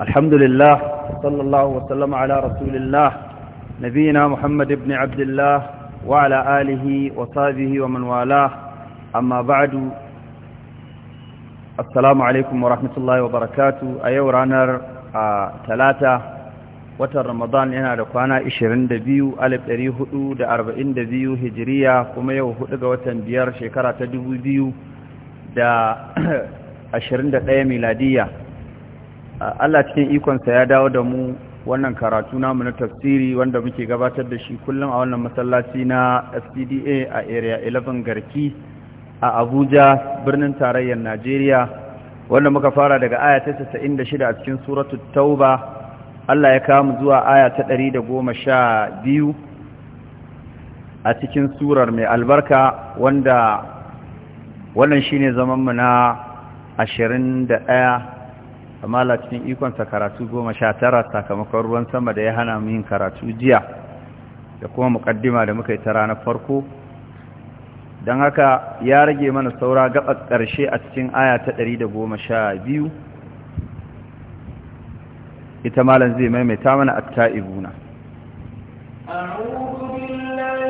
الحمد لله صلى الله وسلم على رسول الله نبينا محمد بن عبد الله وعلى آله وصحبه ومن والاه أما بعد السلام عليكم ورحمة الله وبركاته أيو رانر ثلاثة watan ramadan yana da kwana 22,442 hijiriya kuma yau hudu ga watan biyar shekara ta 2021 miladiya Allah cikin ikonsa ya dawo da mu wannan karatu namu na tafsiri wanda muke gabatar da shi kullum a wannan masallaci na SPDA a area 11 Garki a Abuja birnin tarayyar Najeriya wanda muka fara daga aya ta 96 a cikin suratul Tauba Allah ya kawo mu zuwa aya ta 112 a cikin surar mai albarka wanda wannan shine zaman mu na 21 amma Allah cikin ikonsa karatu goma sha tara sakamakon ruwan sama da ya hana mu yin karatu jiya da kuma muƙaddima da muka yi ta ranar farko don haka ya rage mana saura gaba ƙarshe a cikin aya ta ɗari da goma sha biyu ita malam zai maimaita mana atta'ibuna a'udhu billahi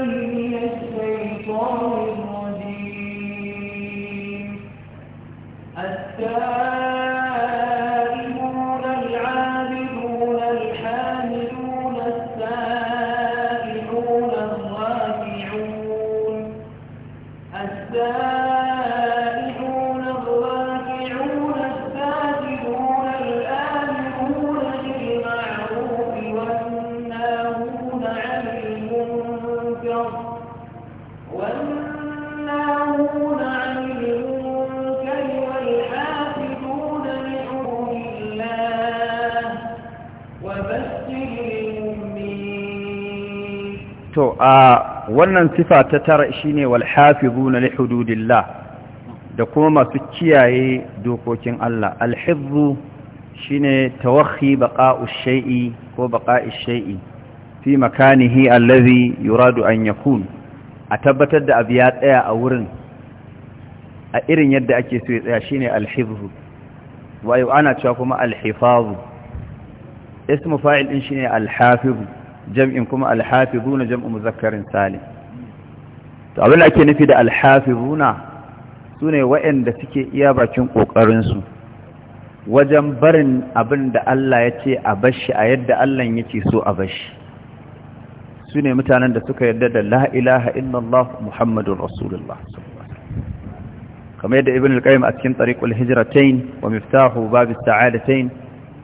a wannan sifa ta tara shine ne hafizuna li hududillah da kuma masu kiyaye dokokin Allah al hifzu shine tawakhi baqa'u shay'i ko baqa'i shay'i fi makanihi allazi yuradu an yakun a tabbatar da abu ya tsaya a wurin a irin yadda ake so ya tsaya shi ne hifzu wa ana cewa kuma al ismu fa'il din shi ne hafizu jam'in kuma alhafizuna jam'u muzakkarin salim to abin da ake nufi da alhafizuna sune waɗanda suke iya bakin ƙoƙarinsu wajen barin abin da Allah ya ce a bashi a yadda Allah yake so a bashi sune mutanen da suka yarda da la ilaha illallah muhammadun rasulullah kamar yadda ibn al-qayyim a cikin tariqul hijratain wa miftahu babu sa'adatain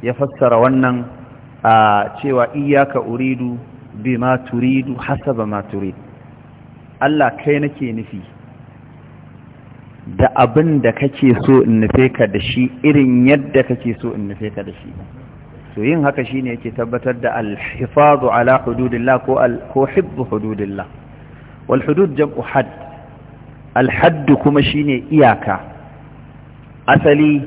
ya fassara wannan a cewa iyaka uridu bi ma turidu hasaba ma turid Allah kai nake nufi da abin da kake so in nufe ka da shi irin yadda kake so in nufe ka da shi to yin haka shine yake tabbatar da al ala hududillah ko ko hibbu hududillah wal hudud jam'u hadd al-hadd kuma shine iyaka asali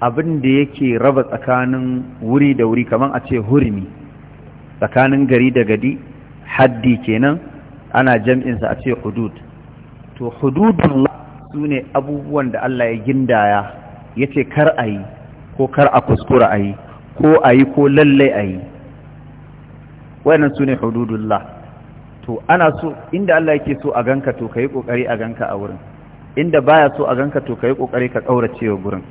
abin da yake raba tsakanin wuri da wuri kamar a ce hurmi tsakanin gari da gadi haddi kenan ana jam'insa a ce hudud to hududun su ne abubuwan da Allah ya gindaya ya ce kar a yi ko kar a kuskura a yi ko a yi ko lallai a yi wayannan su ne hududullah to ana so inda Allah yake so a ganka to ka yi ƙoƙari a ganka a wurin inda baya so a ganka to ka yi ƙoƙari ka ƙaurace wa gurin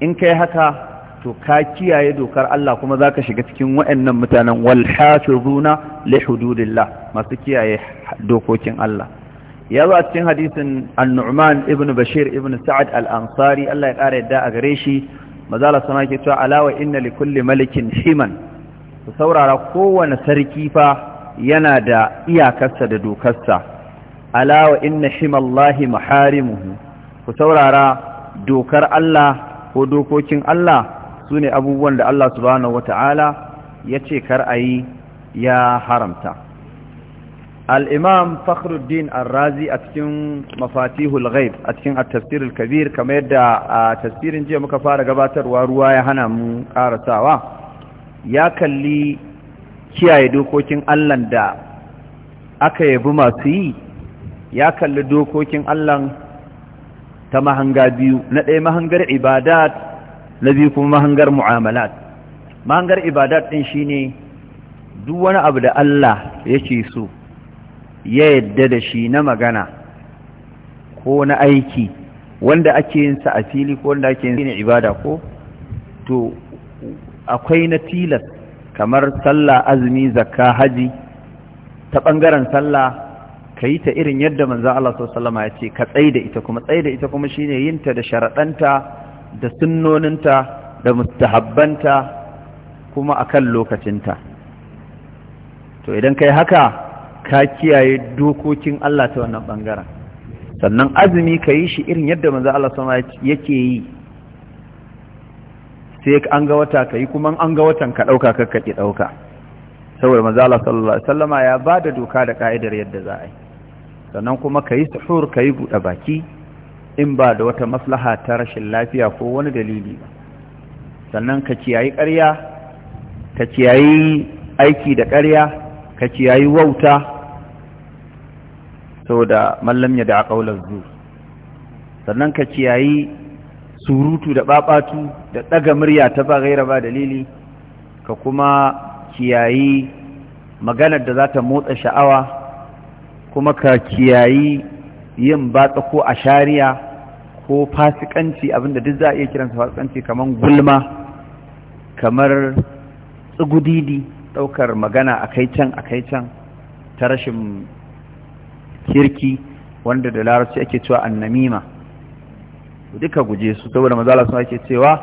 in kai haka to ka kiyaye dokar Allah kuma za ka shiga cikin waɗannan mutanen walhafizuna li hududillah masu kiyaye dokokin Allah ya zo a cikin hadisin annu'man ibn bashir ibn sa'ad al-ansari Allah ya ƙara yadda a gare shi mazala sama ke cewa alawa inna li kulli malikin himan ku saurara kowane sarki fa yana da iyakarsa da dokarsa alawa inna himallahi maharimuhu ku saurara dokar Allah ko dokokin Allah su ne abubuwan da Allah subhanahu wata'ala ya ce kar a yi ya haramta al'imam fakhruddin al-razi a cikin mafatihul ghaib a cikin tafsirul kabir kamar yadda a tasirin jiya muka fara gabatarwa ruwa ya hana mu karasawa ya kalli kiyaye dokokin allah da aka yabi masu yi ya kalli dokokin allah ta mahanga biyu na ɗaya mahangar ibadat na biyu kuma mahangar mu'amalat mahangar ibadat ɗin shine duk wani abu da Allah yake so ya yadda da shi na magana ko na aiki wanda ake yin sa a fili ko wanda ake yin ibada ko to akwai na tilas kamar sallah azumi zakka haji ta ɓangaren sallah ka yi ta irin yadda manzo Allah sallama ya ce ka tsaye da ita kuma tsaye da ita kuma shine ne yinta da sharaɗanta da sunnoninta da mustahabbanta kuma a kan lokacinta to idan ka yi haka ka kiyaye dokokin Allah ta wannan ɓangaren sannan azumi ka yi shi irin yadda manzo Allah sallallahu ya yake yi sai an ga wata ka yi kuma an ga watan ka ɗauka kakka ɗauka saboda mazala sallallahu alaihi wasallama ya ba da doka da ka'idar yadda za a yi sannan kuma ka yi suhur ka yi buɗe baki in ba da wata maslaha ta rashin lafiya ko wani dalili ba sannan ka kiyayi ƙarya ka kiyayi aiki da ƙarya ka kiyayi wauta saboda mallam ya da a ƙaular zu sannan ka kiyayi surutu da ɓaɓatu da ɗaga murya ta ba gaira ba dalili ka kuma kiyayi maganar da za ta motsa sha'awa kuma ka kiyayi yin batsa ko a shari'a ko fasikanci abinda duk za a iya kiransa fasikanci kamar gulma kamar tsugudidi ɗaukar magana a kai can a kai can ta rashin kirki wanda da larabci ake cewa annamima duka guje su saboda mazala sun ake cewa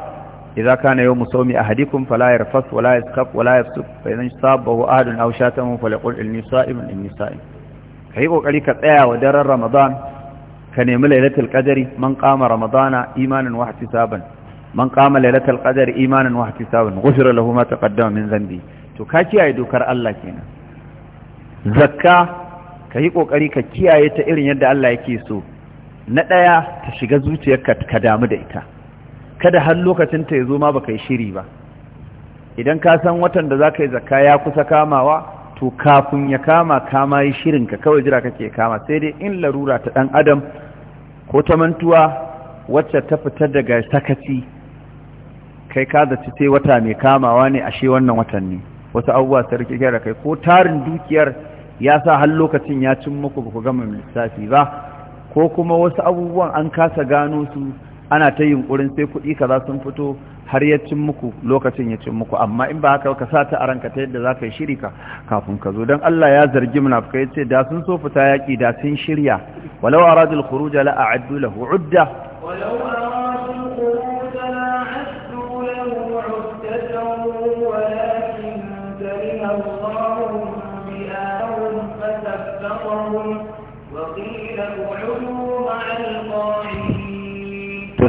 idza kana yawmu sawmi ahadikum fala yarfas wala yaskab wala yafsuk fa idan sabahu ahadun aw shatamu falyaqul inni sa'imun inni sa'im ka yi ƙoƙari ka tsaya wa daren ramadan ka nemi lailatul qadari man qama ramadana imanan wa ihtisaban man qama lailatul qadari imanan wa ihtisaban ghufira lahu ma taqaddama min dhanbi to ka kiyaye dokar Allah kenan zakka ka yi ƙoƙari ka kiyaye ta irin yadda Allah yake so na ɗaya ta shiga zuciyarka ka damu da ita kada har lokacin ta ya zo ma baka yi shiri ba idan ka san watan da za ka yi zakka ya kusa kamawa to kafin ya kama kama yi shirinka kawai jira kake kama sai dai in larura ta ɗan adam ko ta mantuwa wacce ta fitar daga sakaci kai ka zaci sai wata mai kamawa ne ashe wannan watan ne wasu abubuwa sarki gyara kai ko tarin dukiyar ya sa har lokacin ya cin muku ba ku gama lissafi ba ko kuma wasu abubuwan an kasa gano su ana ta yunkurin sai kuɗi kaza sun fito har ya cin muku lokacin ya cin muku amma in ba haka ka sa ta a ranka ta yadda za ka yi shiri ka kafin ka zo don Allah ya zargi munafukai ya ce da sun so fita yaƙi da sun shirya walau aradul khuruja la a'addu lahu udda walau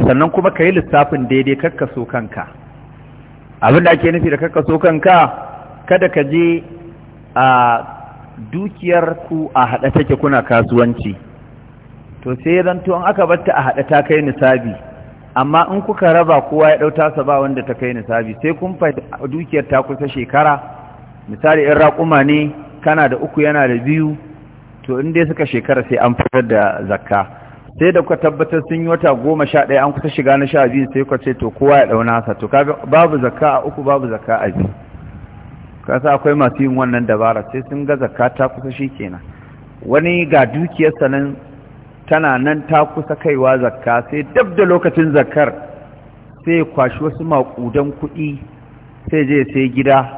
sannan kuma ka yi lissafin daidai so kanka abin da ake nufi da so kanka kada ka je a dukiyar ku a haɗa take kuna kasuwanci to sai zan to an aka batta a haɗa ta kai nisabi amma in kuka raba kowa ya ɗauta sa ba wanda ta kai nisabi sai kun fa dukiyar ta kusa shekara misali in raƙuma ne kana da uku yana da biyu to in dai suka shekara sai an fitar da zakka sai da kuka tabbatar sun yi wata goma sha ɗaya an kusa shiga na sha biyu sai kuka ce to kowa ya ɗauna sa to babu zakka a uku babu zakka a biyu kasa akwai masu yin wannan dabara sai sun ga zakka ta kusa shi kenan wani ga dukiyar nan tana nan ta kusa kaiwa zakka sai dab da lokacin zakkar sai kwashi wasu maƙudan kuɗi sai je sai gida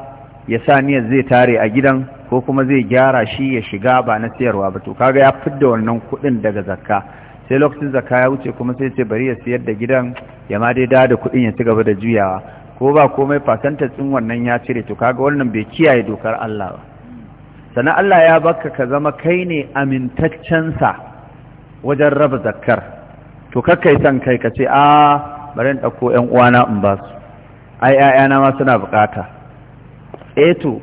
ya sa niyyar zai tare a gidan ko kuma zai gyara shi ya shiga ba na sayarwa ba to kaga ya fidda wannan kuɗin daga zakka sai lokacin zaka ya wuce kuma sai ce bari ya siyar da gidan ya ma dai da da kuɗin ya ci gaba da juyawa ko ba komai fasantar tsin wannan ya cire to kaga wannan bai kiyaye dokar Allah ba sannan Allah ya baka ka zama kai ne amintaccensa wajen raba zakkar to kakkai san kai ka ce a bari in ɗauko ‘yan uwana in ba su ai ma suna bukata eh to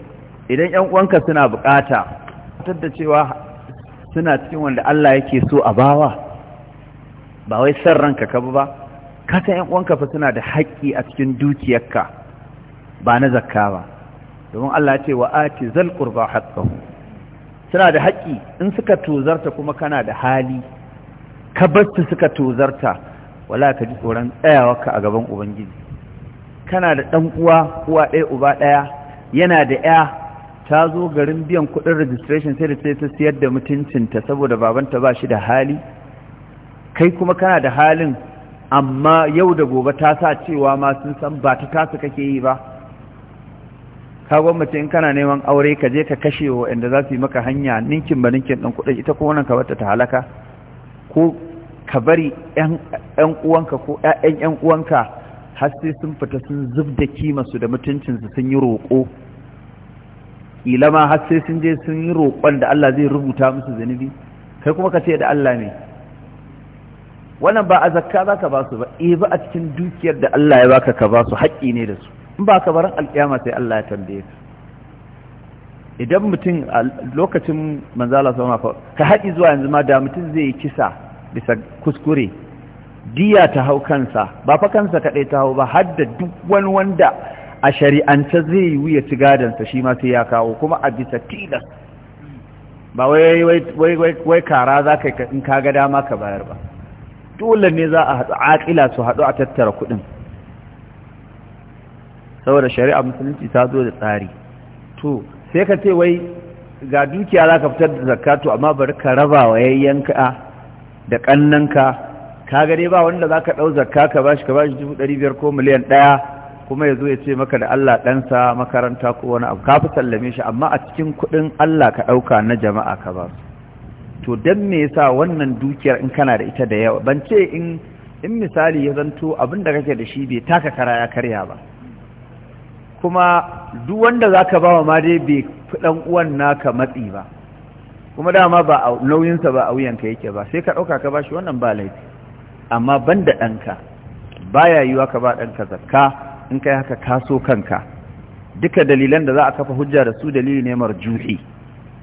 idan ‘yan uwanka suna bukata tattar da cewa suna cikin wanda Allah yake so a bawa ba wai san ranka ka ba ka san ƴan uwanka fa suna da haƙƙi a cikin dukiyarka ba na zakka ba domin Allah ya ce wa ati zal qurba haqqahu suna da haƙƙi in suka tozarta kuma kana da hali ka bar su suka tozarta wala ka ji tsoron tsayawarka a gaban ubangiji kana da ɗan uwa uwa ɗaya uba ɗaya yana da ya ta zo garin biyan kuɗin registration sai da sai ta siyar da mutuncinta saboda babanta ba shi da hali kai kuma kana da halin amma yau da gobe ta sa cewa ma sun san ba ta tasu kake yi ba ka gwamnati in kana neman aure ka je ka kashe wa inda za su yi maka hanya ninkin ba ninkin ɗan kuɗi ita kuma nan ka bata ta halaka ko ka bari ‘yan uwanka ko ‘ya'yan ‘yan uwanka har sai sun fita sun zub da kimarsu da mutuncinsu sun yi roƙo ƙila ma har sai sun je sun yi roƙon da Allah zai rubuta musu zunubi kai kuma ka ce da Allah ne wannan ba a zakka za ka ba su ba E, ba a cikin dukiyar da Allah ya baka ka ba su haƙƙi ne da su in ba ka baran alƙiyama sai Allah ya tambaye su. idan mutum a lokacin manzala sau mafa ka haƙi zuwa yanzu ma da mutum zai yi kisa bisa kuskure diya ta hau kansa ba fa kansa kaɗai ta hau ba har da duk wani wanda a shari'ance zai yi ya ci gadansa shi ma sai ya kawo kuma a bisa tilas ba wai wai wai wai kara za ka in ka ga dama ka bayar ba dole ne za a aƙila su haɗu a tattara kuɗin saboda shari'a musulunci ta zo da tsari to sai ka ce wai ga dukiya za ka fitar da zakatu amma bari ka raba wa yayyanka da ƙannanka ka gare ba wanda za ka ɗau zakka ka ba shi ka ba shi dubu ɗari biyar ko miliyan ɗaya kuma ya zo ya ce maka da Allah ɗansa makaranta ko wani abu ka fi sallame shi amma a cikin kuɗin Allah ka ɗauka na jama'a ka ba su to dan me yasa wannan dukiyar in kana da ita da yawa ban ce in in misali ya zanto abin da kake da shi bai taka kara ya karya ba kuma duk wanda zaka wa ma dai bai fi dan uwan naka matsi ba kuma dama ba a nauyinsa ba a wuyan ka yake ba sai ka ɗauka ka bashi wannan ba laifi amma ban da ɗanka baya yiwa ka ba ɗanka zakka in kai haka kaso kanka duka dalilan da za a kafa hujja da su dalili ne marjuhi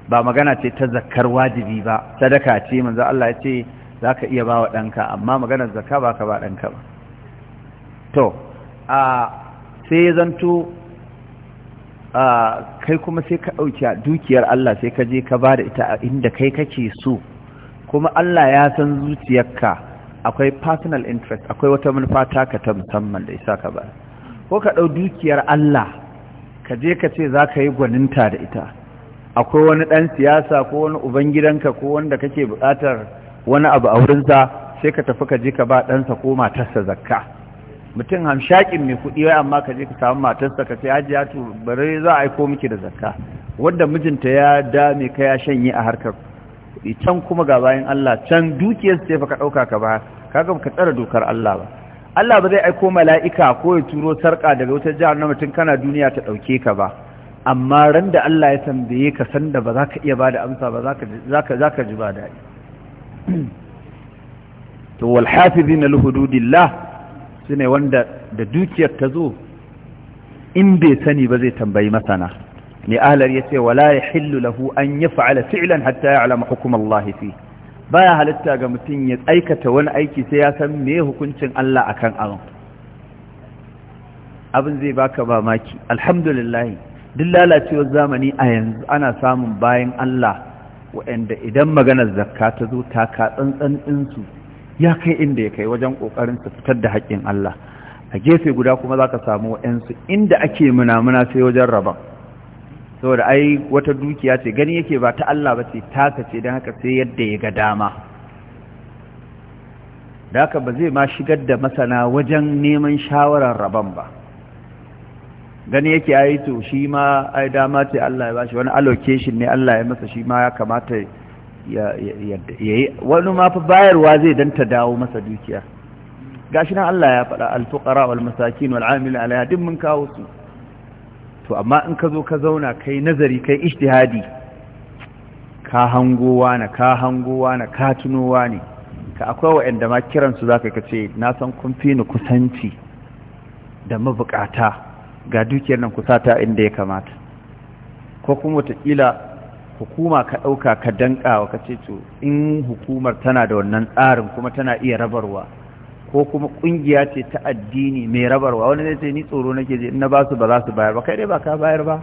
ba magana ce ta zakar wajibi ba sadaka ce manzo Allah ya ce zaka iya ba wa ɗanka amma maganar zakka ba ka ba ɗanka ba to a sai zanto a kai kuma sai ka ɗauki dukiyar Allah sai ka je ka ba da ita inda kai kake so kuma Allah ya san zuciyarka akwai personal interest akwai wata manufa taka ta musamman da isa ka ba ko ka ɗau dukiyar Allah ka je ka ce za ka yi gwaninta da ita akwai wani ɗan siyasa ko wani ubangidanka ko wanda kake buƙatar wani abu a wurinsa sai ka tafi ka je ka ba ɗansa ko matarsa zakka mutum hamshakin mai kuɗi wai amma ka je ka samu matarsa ka sai hajiya ya bare za a aiko miki da zakka wanda mijinta ya dame ka ya shanye a harkar kuɗi can kuma ga bayan Allah can dukiyar sai fa ka ɗauka ka ba kaga ka tsara dokar Allah ba Allah ba zai aiko mala'ika ko ya turo sarƙa daga wata jihar na mutum kana duniya ta ɗauke ka ba amma ran da Allah ya tambaye ka san da ba za ka iya ba da amsa ba za ka ji ba daɗi to walhafizi na luhududillah su ne wanda da dukiyar ta zo in bai sani ba zai tambayi masana ne ahalar ya ce wala ya hillu lahu an ya fa'ala fi'lan hatta ya alama hukum Allah fi baya halitta ga mutum ya aikata wani aiki sai ya san me hukuncin Allah akan abin abin zai baka mamaki alhamdulillah duk lalacewar zamani a yanzu ana samun bayan Allah waɗanda idan maganar zakka ta zo taka tsantsan ɗinsu ya kai inda ya kai wajen ƙoƙarin su fitar da haƙƙin Allah a gefe guda kuma za ka samu waɗansu inda ake munamuna sai wajen rabon saboda ai wata dukiya ce gani yake ba ta Allah ba ce taka ce don haka sai yadda ya ga dama da haka ba zai ma shigar da masana wajen neman shawarar rabon ba gani yake yi to shi ma ai dama ce Allah ya bashi wani allocation ne Allah ya masa shi ma ya kamata ya yi wani ma bayarwa zai don ta dawo masa dukiya gashi nan Allah ya faɗa alfukara wal masakin wal amil mun kawo su to amma in ka zo ka zauna kai nazari kai ijtihadi ka hangowa na ka hangowa na ka tunowa ne ka akwai wa'anda ma kiransu zaka kace na san kun fi ni kusanci da mabukata ga dukiyar nan ku sata inda ya kamata ko kuma wataƙila hukuma ka ɗauka ka danƙawa ka ce to in hukumar tana da wannan tsarin kuma tana iya rabarwa ko kuma ƙungiya ce ta addini mai rabarwa wani zai ce ni tsoro nake je in na ba su ba za su bayar ba kai dai ba ka bayar ba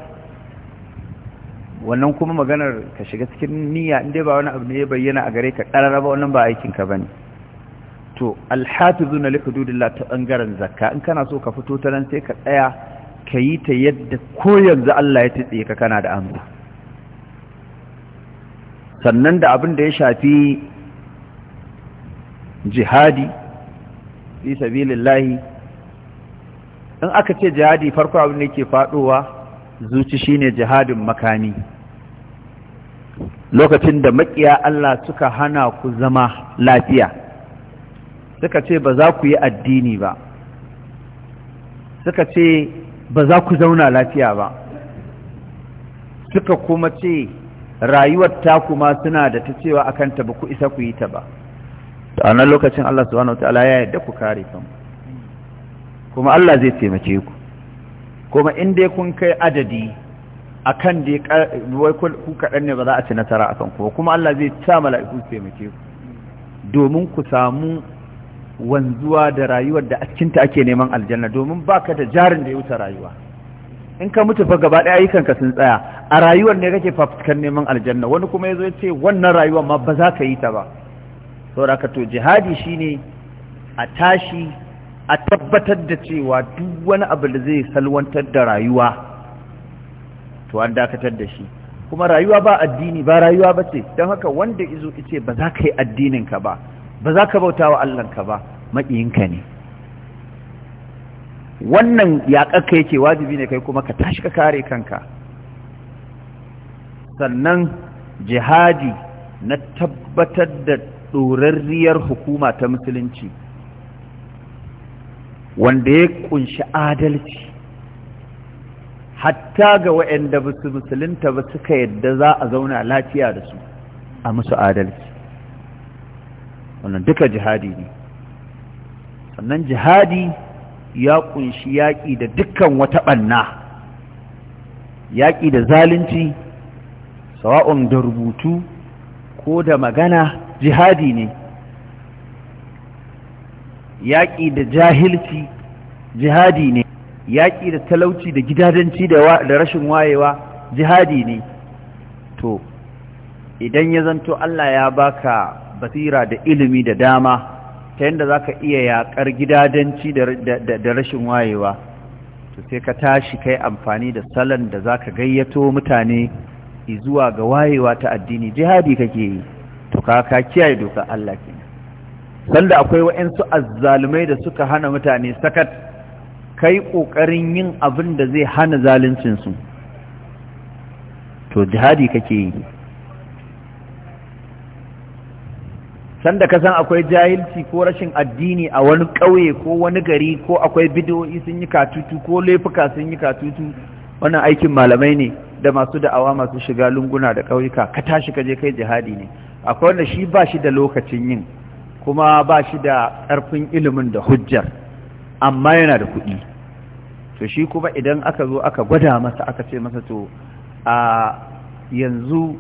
wannan kuma maganar ka shiga cikin niyya in dai ba wani abu ne ya bayyana a gare ka ƙarara ba wannan ba aikinka ba ne to alhatizu na ta bangaren zakka in kana so ka fito ta nan sai ka tsaya ka yi ta yadda ko yanzu Allah ya tutse ka kana da amsa sannan da abin da ya shafi jihadi fi sabilillahi in aka ce jihadi farko abin da yake faɗowa zuci shine jihadin makami lokacin da makiya Allah suka hana ku zama lafiya suka ce ba za ku yi addini ba suka ce ba za ku zauna lafiya ba suka kuma ce rayuwar ta kuma suna da ta cewa a kanta ba ku isa ku yi ta ba a nan lokacin Allah subhanahu ta'ala ya yarda ku kare ku. kuma Allah zai taimake ku kuma in dai kun kai adadi kan da wai ku kaɗan ne ba za a ci nasara a kan kuma Allah zai sa mala'iku taimake ku domin ku samu wanzuwa da rayuwar da a cikinta ake neman aljanna domin baka da jarin da ya wuce rayuwa in ka mutu fa gaba ɗaya ayyukanka sun tsaya a rayuwar ne kake fafutukan neman aljanna wani kuma ya zo ya ce wannan rayuwar ma ba za ka yi ta ba saboda to jihadi shine a tashi a tabbatar da cewa duk wani abu da zai salwantar da rayuwa to an dakatar da shi kuma rayuwa ba addini ba rayuwa ba ce don haka wanda izo ice ba za ka yi addininka ba ba za ka bauta wa Allahnka ba maƙiyinka ne wannan yaƙarka yake wajibi ne kai kuma ka tashi ka kare kanka sannan jihadi na tabbatar da ɗorarriyar hukuma ta musulunci wanda ya ƙunshi adalci hatta ga waɗanda musulunta ba suka yadda za a zauna lafiya da su a musu adalci wannan duka jihadi ne sannan jihadi ya kunshi yaƙi da dukkan wata ɓanna yaƙi da zalunci sawa'un da rubutu ko da magana jihadi ne yaƙi da jahilci jihadi ne yaƙi da talauci da gidajenci da rashin wayewa jihadi ne to idan ya zanto Allah ya baka basira da ilimi da dama ta yadda za ka iya yaƙar gidadanci da rashin wayewa to sai ka tashi kai amfani da salon da za ka gayyato mutane zuwa ga wayewa ta addini jihadi kake yi to ka ka kiyaye dokar Allah ke sanda akwai waɗansu azzalumai da suka hana mutane sakat kai ƙoƙarin yin abin da zai hana zaluncinsu to jihadi kake yi sanda ka san akwai jahilci ko rashin addini a wani ƙauye ko wani gari ko akwai bidiyoyi sun yi katutu ko laifuka sun yi katutu wannan aikin malamai ne da masu da'awa masu shiga lunguna da ƙauyuka ka tashi ka je kai jihadi ne akwai wanda shi ba shi da lokacin yin kuma ba shi da ƙarfin ilimin da hujjar amma yana da kuɗi to shi kuma idan aka zo aka gwada masa aka ce masa to a yanzu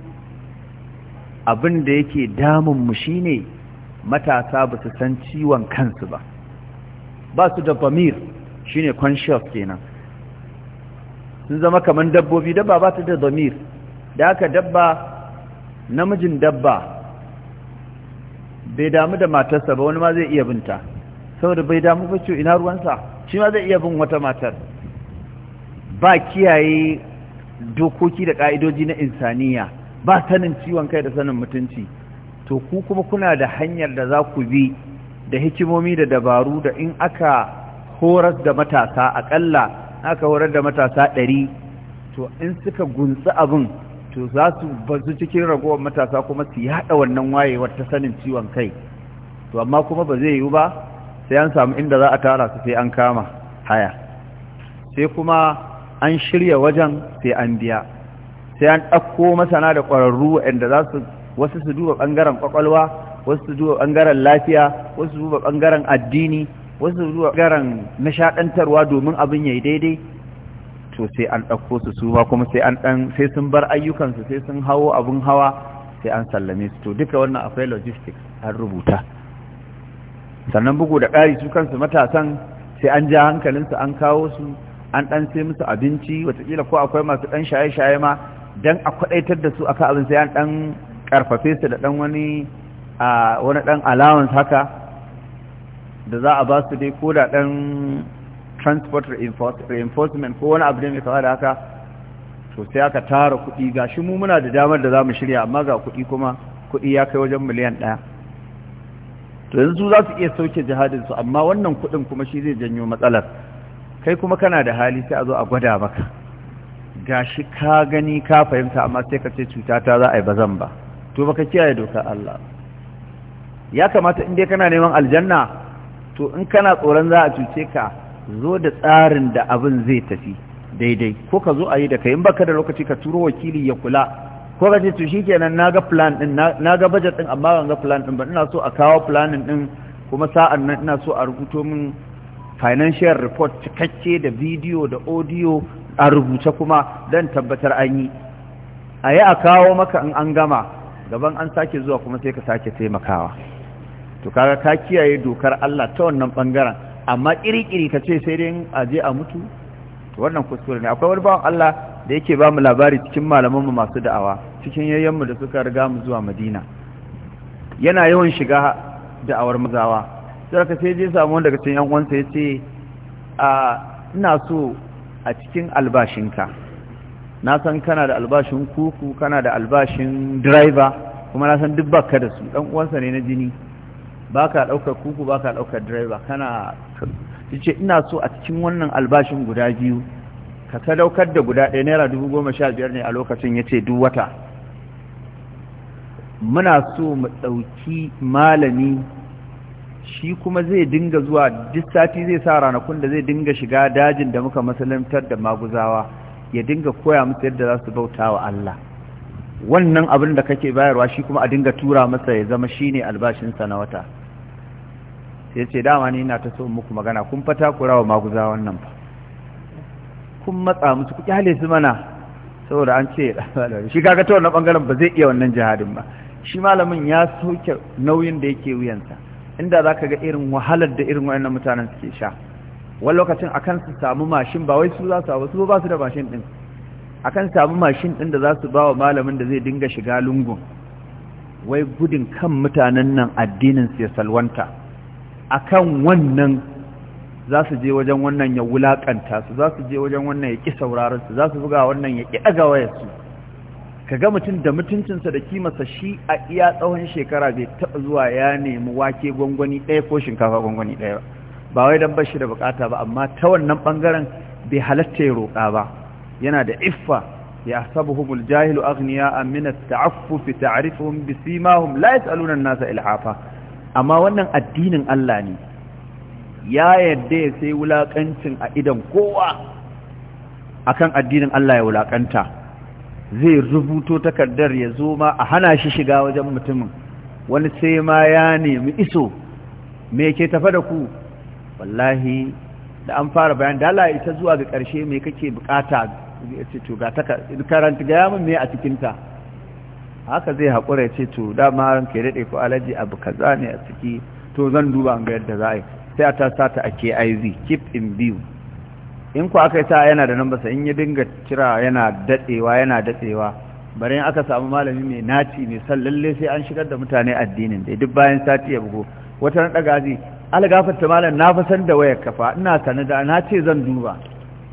abin da yake damunmu shi ne matasa ba su san ciwon kansu ba ba su da bamir shi ne conscious kenan sun zama kamar dabbobi dabba ba ta da bamir da aka dabba namijin dabba bai damu da matarsa ba wani ma zai iya binta saboda bai damu ba ce ina ruwansa shi ma zai iya bin wata matar ba kiyaye dokoki da ƙa'idoji na insaniya ba sanin ciwon kai da sanin mutunci to ku kuma kuna da hanyar da za ku bi da hikimomi da dabaru da in aka horar da matasa akalla aka horar da matasa ɗari to in suka gunsu abin to za su bazu cikin ragowar matasa kuma su yaɗa wannan wayewar ta sanin ciwon kai to amma kuma ba zai yiwu ba sai an samu inda za a tara su sai an kama haya sai kuma an shirya wajen sai an biya sai an ɗauko masana da ƙwararru waɗanda za su wasu su duba ɓangaren ƙwaƙwalwa wasu su duba ɓangaren lafiya wasu su duba ɓangaren addini wasu su duba ɓangaren nishaɗantarwa domin abin ya yi daidai to sai an ɗauko su su ma kuma sai an ɗan sai sun bar ayyukansu sai sun hawo abin hawa sai an sallame su to duka wannan akwai logistics an rubuta sannan bugu da ƙari su kansu matasan sai an ja hankalinsu an kawo su an ɗan sai musu abinci watakila ko akwai masu ɗan shaye-shaye ma don a kwadaitar da su aka abin sai an dan karfafe su da dan wani a wani dan allowance haka da za a ba su dai ko da dan transport reinforcement ko wani abu da mai kawai da haka to sai aka tara kuɗi ga shi mu muna da damar da za mu shirya amma ga kuɗi kuma kuɗi ya kai wajen miliyan ɗaya to yanzu za su iya sauke su amma wannan kuɗin kuma shi zai janyo matsalar kai kuma kana da hali sai a zo a gwada maka gashi ka gani ka fahimta amma sai ka ce cuta ta za a yi bazan ba to baka kiyaye dokar Allah ya kamata in dai kana neman aljanna to in kana tsoron za a cuce ka zo da tsarin da abin zai tafi daidai ko ka zo a yi da kai in baka da lokaci ka turo wakili ya kula ko ka ce to shikenan naga plan din naga budget din amma ban ga plan din ba ina so a kawo planning din kuma sa'an nan ina so a rubuto min financial report cikakke da video da audio a rubuce kuma don tabbatar an yi a yi a kawo maka in an gama gaban an sake zuwa kuma sai ka sake taimakawa to kaga ka kiyaye dokar Allah ta wannan bangaren amma kirikiri ka ce sai dai a je a mutu to wannan kuskure ne akwai wani bawan Allah da yake ba mu labari cikin malaman mu masu da'awa cikin yayyan mu da suka riga mu zuwa Madina yana yawan shiga da'awar mazawa sai ka sai je samu wanda daga cikin yan uwansa yace a ina so a cikin albashinka na san kana da albashin kuku kana da albashin driver kuma na san duk baka da su dan uwansa ne na jini baka daukar kuku baka daukar driver kana yace ina so a cikin wannan albashin guda biyu ka sadaukar da guda ɗaya naira dubu goma sha biyar ne a lokacin ya ce duk wata muna so mu ɗauki malami shi kuma zai dinga zuwa duk sati zai sa ranakun da zai dinga shiga dajin da muka musuluntar da maguzawa ya dinga koya musu yadda za su bauta wa Allah wannan abin da kake bayarwa shi kuma a dinga tura masa ya zama shine albashinsa na wata sai ce dama ni ina ta so muku magana kun fata ku rawa maguzawa wannan fa kun matsa musu ku kyale su mana saboda an ce shi kaga ta wannan bangaren ba zai iya wannan jihadin ba shi malamin ya soke nauyin da yake wuyansa inda za ka ga irin wahalar da irin wayannan mutanen suke sha wani lokacin akan su samu mashin ba wai su za su su ba su da mashin din akan samu mashin din da za su ba wa malamin da zai dinga shiga lungun wai gudun kan mutanen nan addinin su ya salwanta akan wannan za su je wajen wannan ya wulakanta su za su je wajen wannan ya ƙi sauraron su za su buga wannan ya ƙi ɗaga wayar su ka ga mutum da mutuncinsa da kimarsa shi a iya tsawon shekara bai taɓa zuwa ya nemi wake gwangwani ɗaya ko shinkafa gwangwani ɗaya ba wai don bashi da bukata ba amma ta wannan ɓangaren bai halatta ya roƙa ba yana da iffa ya sabuhumul jahilu aghniya amina ta'affufi ta'rifuhum bisimahum la yas'aluna an-nasa ilhafa amma wannan addinin Allah ne ya yadda ya sai wulakancin a idan kowa akan addinin Allah ya wulakanta zai rubuto takardar ya zo ma a hana shi shiga wajen mutumin wani sai ma ya nemi iso me ke tafa da ku wallahi da an fara bayan da Allah ita zuwa ga ƙarshe me kake bukata to ga in karanta ga yamin me a cikin ta haka zai haƙura ya ce to dama ran ke dade ko alaji abu kaza ne a ciki to zan duba an ga yadda za sai a ta sata a KIV keep in view in ku aka yi sa yana da nan basa in ya dinga kira yana datsewa yana datsewa bari in aka samu malami mai nati mai san lalle sai an shigar da mutane addinin da duk bayan sati ya bugu wata na daga zai algafar ta malam na fa san da waya kafa ina sanar da na ce zan duba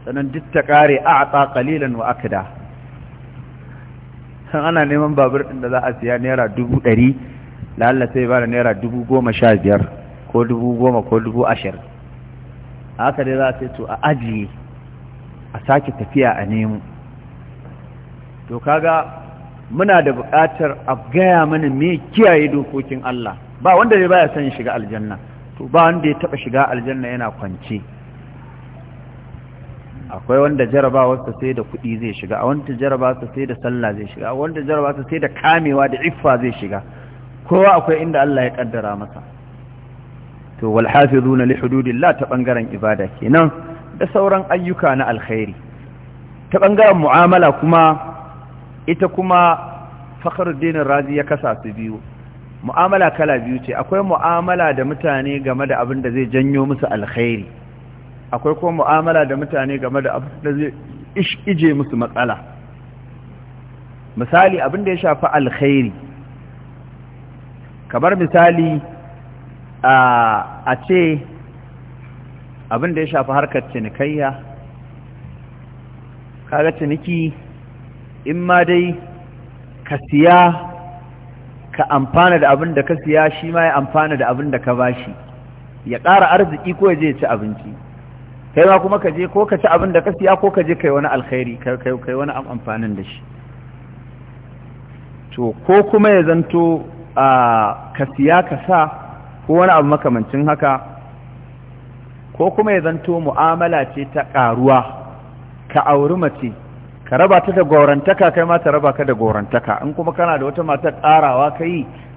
sannan duk ta kare a atsa kalilan wa da. san ana neman babur din da za a siya naira dubu ɗari lalla sai ba da naira dubu goma sha biyar ko dubu goma ko dubu ashirin haka dai za ce to a ajiye a sake tafiya a nemo to kaga muna da buƙatar a gaya mana me kiyaye dokokin Allah ba wanda zai baya son shiga aljanna to ba wanda ya taba shiga aljanna yana kwance akwai wanda jarabawarsa sai da kuɗi zai shiga a wanda jarabawarsa sai da sallah zai shiga a wanda jarabawarsa sai da kamewa da iffa zai shiga kowa akwai inda Allah ya kaddara masa to wal hafizuna li hududillah ta bangaren ibada kenan da sauran ayyuka na alkhairi ta bangaren mu'amala kuma ita kuma fakhruddin razi ya kasa su biyu mu'amala kala biyu ce akwai mu'amala da mutane game da abin da zai janyo musu alkhairi akwai kuma mu'amala da mutane game da abin da zai ije musu matsala misali abin da ya shafi alkhairi kamar misali a ce abin da ya shafi harkar cinikayya kaga ciniki in ma dai ka siya ka amfana da abin da ka siya shi ma ya amfana da abin da ka bashi ya ƙara arziki ko ya je ci abinci kai ma kuma ka je ko ka ci abin da ka siya ko ka je kai wani alkhairi kai wani amfanin da shi to ko kuma ya zanto ka siya ka sa ko wani abu makamancin haka ko kuma ya zanto mu'amala ce ta ƙaruwa ka auri mace ka raba ta da gorantaka kai ma ta raba ka da gorantaka in kuma kana da wata mata ƙarawa ka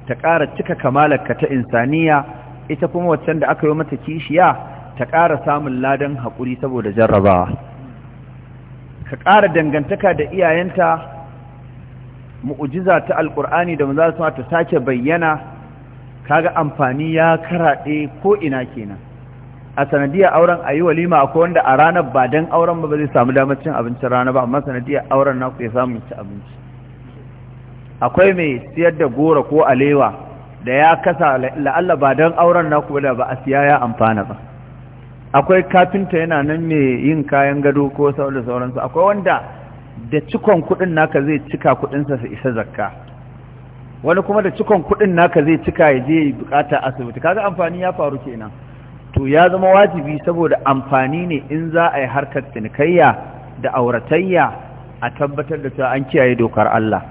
ta ƙara cika kamalarka ta insaniya ita kuma waccan da aka yi mata kishiya ta ƙara samun ladan haƙuri saboda jarrabawa ka ƙara dangantaka da iyayenta mu'ujiza ta alƙur'ani da za su ta sake bayyana kaga amfani ya karaɗe ko ina kenan a sanadiyar auren a yi walima akwai wanda a ranar ba don auren ba zai samu damar cin abinci rana ba amma sanadiyar auren na ku ya samu ci abinci akwai mai siyar da goro ko alewa da ya kasa la'alla ba don auren na ku da ba a siya ya amfana ba akwai kafinta yana nan mai yin kayan gado ko sauran sauransu akwai wanda da cikon kuɗin naka zai cika kuɗinsa su isa zakka wani kuma da cikon kuɗin naka zai cika ya je ya bukata asibiti kaga amfani ya faru kenan to ya zama wajibi saboda amfani ne in za a yi harkar cinikayya da auratayya a tabbatar da cewa an kiyaye dokar Allah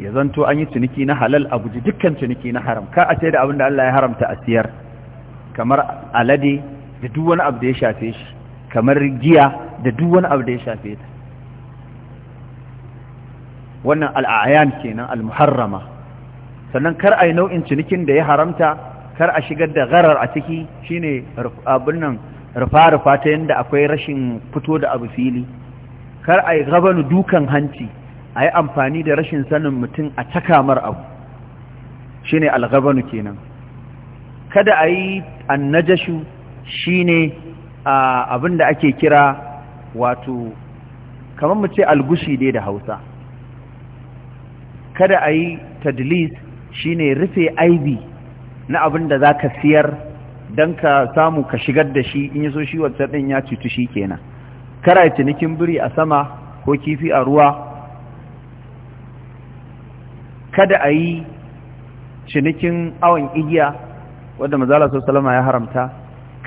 ya zanto an yi ciniki na halal a guji dukkan ciniki na haram ka a ce da abin da Allah ya haramta a siyar kamar alade da duk wani abu da ya shafe shi kamar giya da duk wani abu da ya shafe ta wannan al'ayan kenan al-muharrama sannan kar a yi nau'in cinikin da ya haramta kar a shigar da gharar a ciki ne abin nan rufa-rufa ta yadda akwai rashin fito da abu fili kar a yi gabanu dukan hanci a yi amfani da rashin sanin mutum a takamar abu shi ne al-gabanu kenan kada a yi annajashu ne abin da ake kira wato kamar mu ce algushi dai da hausa kada a yi tadlis shi ne rufe aibi na abin da za ka siyar don ka samu ka shigar da shi in yaso shi wata ɗin ya cutu shi kenan kara yi cinikin biri a sama ko kifi a ruwa kada a yi cinikin awon igiya wadda mazala sau salama ya haramta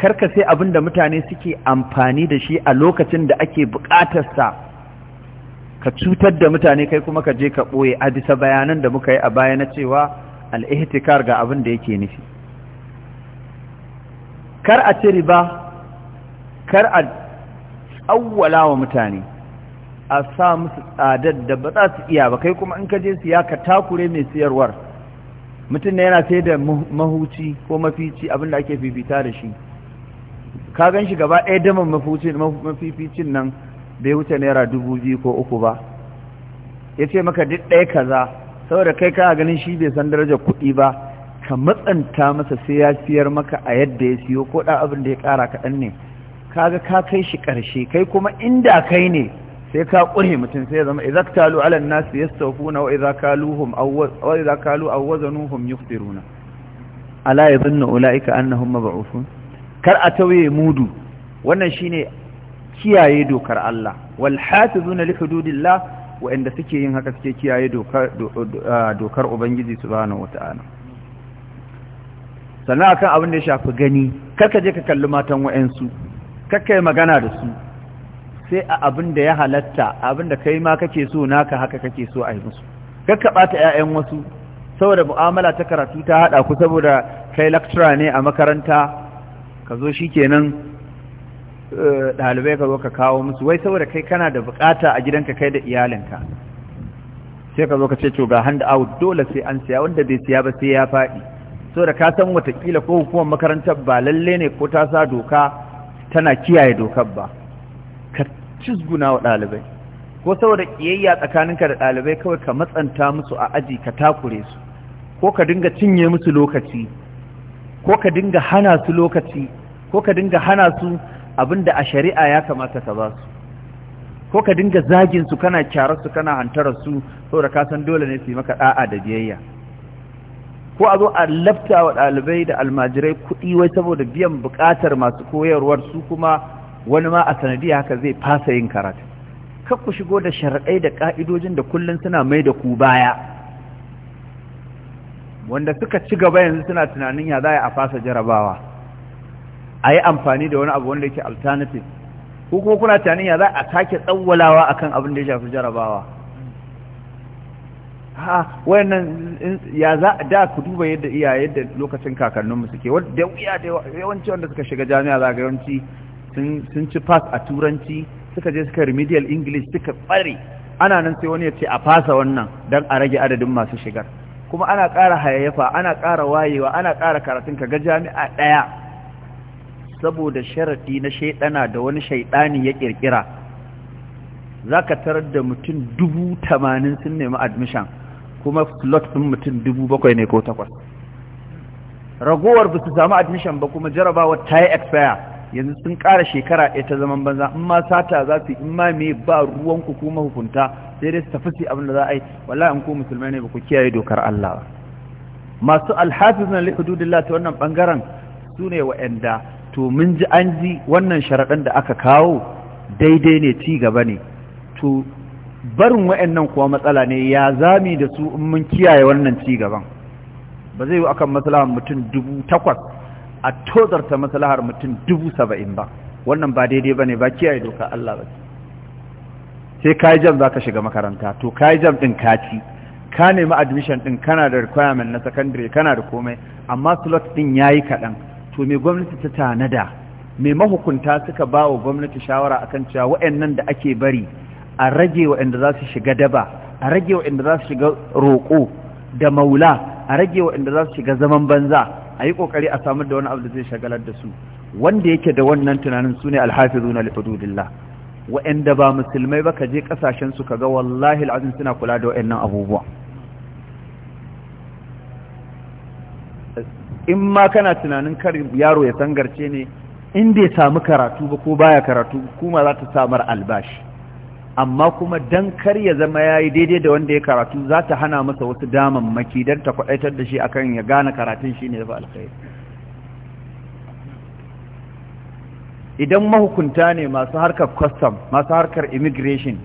karka sai abin da mutane suke amfani da shi a lokacin da ake buƙatarsa ka cutar da mutane kai kuma ka je ka ɓoye a bisa bayanan da muka yi a baya na cewa al'ihtikar ga abin da yake nufi kar a ci riba kar a tsawwala wa mutane a sa musu tsadar da ba za su iya ba kai kuma in ka je siya ka takure mai siyarwar mutum na yana sai da mahuci ko mafici abin da ake fifita da shi ka gan shi gaba ɗaya damar mafificin nan bai wuce naira dubu biyu ko uku ba ya ce maka duk ɗaya kaza saboda kai ka ganin shi bai san darajar kuɗi ba ka matsanta masa sai ya siyar maka a yadda ya siyo ko ɗan abin da ya ƙara kaɗan ne kaga ka kai shi ƙarshe kai kuma inda kai ne sai ka ƙure mutum sai ya zama idza talu ala an-nas yastawfuna wa idza kaluhum aw wa idza kalu aw wazanuhum yukhsiruna ala yadhunnu ulaika annahum mab'uthun kar a tauye mudu wannan shine kiyaye dokar Allah wal hafizuna li hududillah wa'anda suke yin haka suke kiyaye dokar dokar ubangiji subhanahu wata'ala sannan akan abin da ya shafi gani karka je ka kalli matan wa'ansu yi magana da su sai a abin da ya halatta abin da kai ma kake so naka haka kake so a yi musu karka bata ƴaƴan wasu saboda mu'amala ta karatu ta hada ku saboda kai lecturer ne a makaranta ka zo shikenan ɗalibai ka zo ka kawo musu wai saboda kai kana da bukata a gidanka kai da iyalinka sai ka zo ka ce to ga hand out dole sai an siya wanda bai siya ba sai ya faɗi saboda ka san watakila ko hukumar makarantar ba lalle ne ko ta sa doka tana kiyaye dokar ba ka cizguna wa ɗalibai ko saboda ƙiyayya tsakaninka da ɗalibai kawai ka matsanta musu a aji ka takure su ko ka dinga cinye musu lokaci ko ka dinga hana su lokaci ko ka dinga hana su da a shari'a ya kamata ka ba su ko ka dinga zagin su kana kyara su kana hantar su saboda ka san dole ne su yi maka da'a da biyayya ko a zo a lafta wa ɗalibai da almajirai kuɗi wai saboda biyan buƙatar masu koyarwar su kuma wani ma a sanadiyya haka zai fasa yin karatu kar ku shigo da sharaɗai da ƙa'idojin da kullum suna mai da ku baya wanda suka ci gaba yanzu suna tunanin ya za a fasa jarabawa a yi amfani da wani abu wanda yake alternative ko kuma kuna tunanin ya za a sake tsawwalawa akan abin da ya shafi jarabawa ha wayannan ya za da ku duba yadda iya yadda lokacin kakanninmu suke da wuya da yawanci wanda suka shiga jami'a za ga yawanci sun ci pass a turanci suka je suka remedial english suka tsare ana nan sai wani ya ce a fasa wannan dan a rage adadin masu shigar kuma ana ƙara hayayyafa ana ƙara wayewa ana ƙara karatun ka ga jami'a ɗaya saboda sharadi na shaidana da wani shaidani ya kirkira zaka tarar da mutum dubu tamanin sun nemi admission kuma slot ɗin mutum dubu bakwai ne ko takwas ragowar ba samu admission ba kuma jarabawar ta yi expire yanzu sun ƙara shekara ɗaya ta zaman banza in ma sata za su in ma me ba ruwan ku kuma hukunta sai dai su tafi su abin da za a yi wallahi an ku musulmai ne ba ku kiyaye dokar Allah ba masu alhafizun lihududillah ta wannan bangaren su ne wa'anda to mun ji an ji wannan sharaɗin da aka kawo daidai ne ci gaba ne to barin wa'annan kuwa matsala ne ya zami da su in mun kiyaye wannan ci gaban ba zai yi akan maslahar mutum dubu takwas a tozarta maslahar mutum dubu saba'in ba wannan ba daidai ba ne ba kiyaye doka Allah ba sai kayi jam za ka shiga makaranta to kayi jam ɗin kaci ka nemi admission ɗin kana da requirement na secondary kana da komai amma slot ɗin ya yi kaɗan to me gwamnati ta tanada me mahukunta suka ba wa gwamnati shawara akan cewa waɗannan da ake bari a rage inda za su shiga daba a rage inda za su shiga roƙo da maula a rage inda za su shiga zaman banza a yi ƙoƙari a samar da wani abu da zai shagalar da su wanda yake da wannan tunanin su ne alhafizuna li hududillah ba musulmai ba ka je ƙasashen su ka ga wallahi al'azim suna kula da waɗannan abubuwa in ma kana tunanin kar yaro ya sangarce ne in bai samu karatu ba ko baya karatu kuma za ta samar albashi amma kuma dan kar ya zama yayi daidai da wanda ya karatu za ta hana masa wasu damammaki don ta kwadaitar da shi akan ya gane karatun shi ne ba alkhairi idan mahukunta ne masu harkar custom masu harkar immigration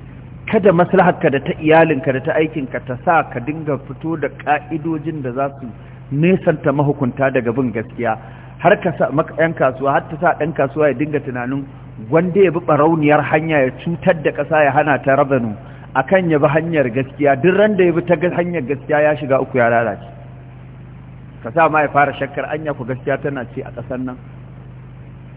kada maslaharka da ta iyalinka da ta aikinka ta sa ka dinga fito da ka'idojin da za su nesanta mahukunta daga bin gaskiya har ka sa yan kasuwa har ta sa ɗan kasuwa ya dinga tunanin gwanda ya bi barauniyar hanya ya cutar da ƙasa ya hana ta rabanu akan ya bi hanyar gaskiya duk ran da ya bi ta hanyar gaskiya ya shiga uku ya lalace ka sa ma ya fara shakkar anya ku gaskiya tana ce a ƙasar nan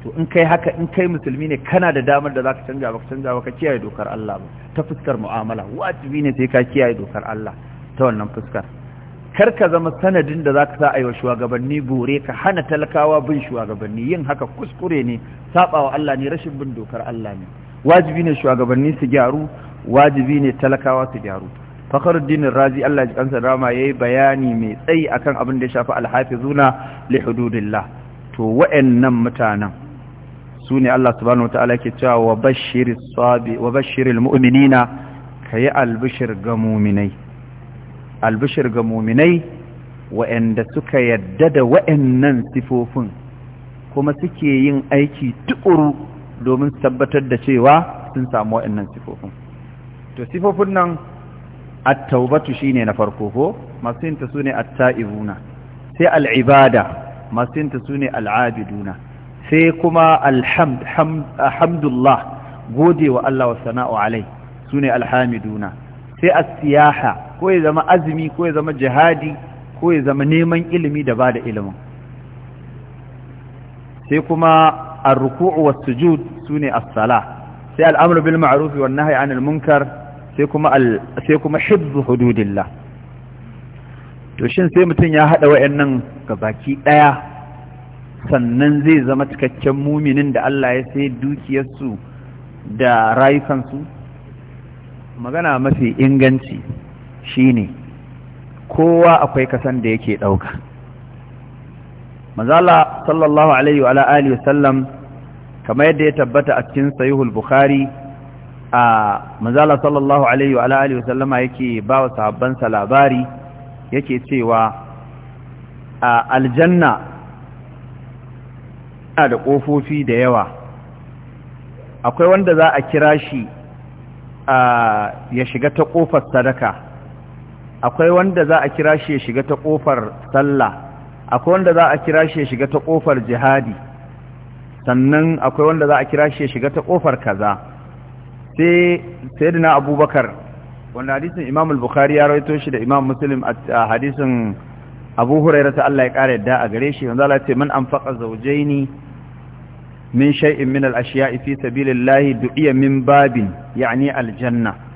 to in kai haka in kai musulmi ne kana da damar da zaka canja baka canja baka kiyaye dokar Allah ba ta fuskar mu'amala wajibi ne sai ka kiyaye dokar Allah ta wannan fuskar kar ka zama sanadin da za ka sa wa shugabanni bore ka hana talakawa bin shugabanni yin haka kuskure ne saɓawa Allah ne rashin bin dokar Allah ne wajibi ne shugabanni su gyaru wajibi ne talakawa su gyaru fakhruddin razi Allah ji kansa rama yayi bayani mai tsayi akan abin da ya shafi alhafizuna li hududillah to wayannan mutanen su ne Allah subhanahu wataala yake cewa wa bashiris sabi wa bashiril mu'minina kayi albishir ga mu'minai albishir ga muminai wa'anda suka yadda da wa'annan sifofin kuma suke yin aiki tukuru domin tabbatar da cewa sun samu wa'annan sifofin to sifofin nan at-taubatu shine na farko ko masu yinta sune at-ta'ibuna sai al-ibada masu yinta sune al-abiduna sai kuma alhamd gode wa Allah wa sana'u alai sune alhamiduna sai as-siyaha ko ya zama azumi ko ya zama jihadi ko ya zama neman ilimi da ba da ilimin sai kuma arruku'u wa sujud sune as asala sai al'amru bil Ma'arufi wa nahyi 'anil munkar sai kuma shibzu sai kuma hibzu hududillah to shin sai mutum ya nan ga baki ɗaya sannan zai zama cikakken muminin da Allah ya sai dukiyarsu da rayukansu magana mafi inganci shine kowa akwai kasan da yake ɗauka Mazala sallallahu alaihi wa alihi wasallam kamar yadda ya tabbata a cikin sahihul bukhari a mazala sallallahu alaihi wa alihi wasallama yake ba wa sahabbansa labari yake cewa a aljanna yana da ƙofofi da yawa akwai wanda za a kira shi ya shiga ta ƙofar sadaka akwai wanda za a kira shi shiga ta kofar sallah akwai wanda za a kira shi shiga ta kofar jihadi sannan akwai wanda za a kira shi ya shiga ta kofar kaza sai sayyidina abubakar wanda hadisin imam al-bukhari ya rawaito shi da imam muslim a hadisin abu hurairah ta Allah ya kare yadda a gare shi wanda Allah ya ce man anfaqa zawjaini min shay'in min al-ashiya'i fi sabilillahi du'iya min babin yani aljanna.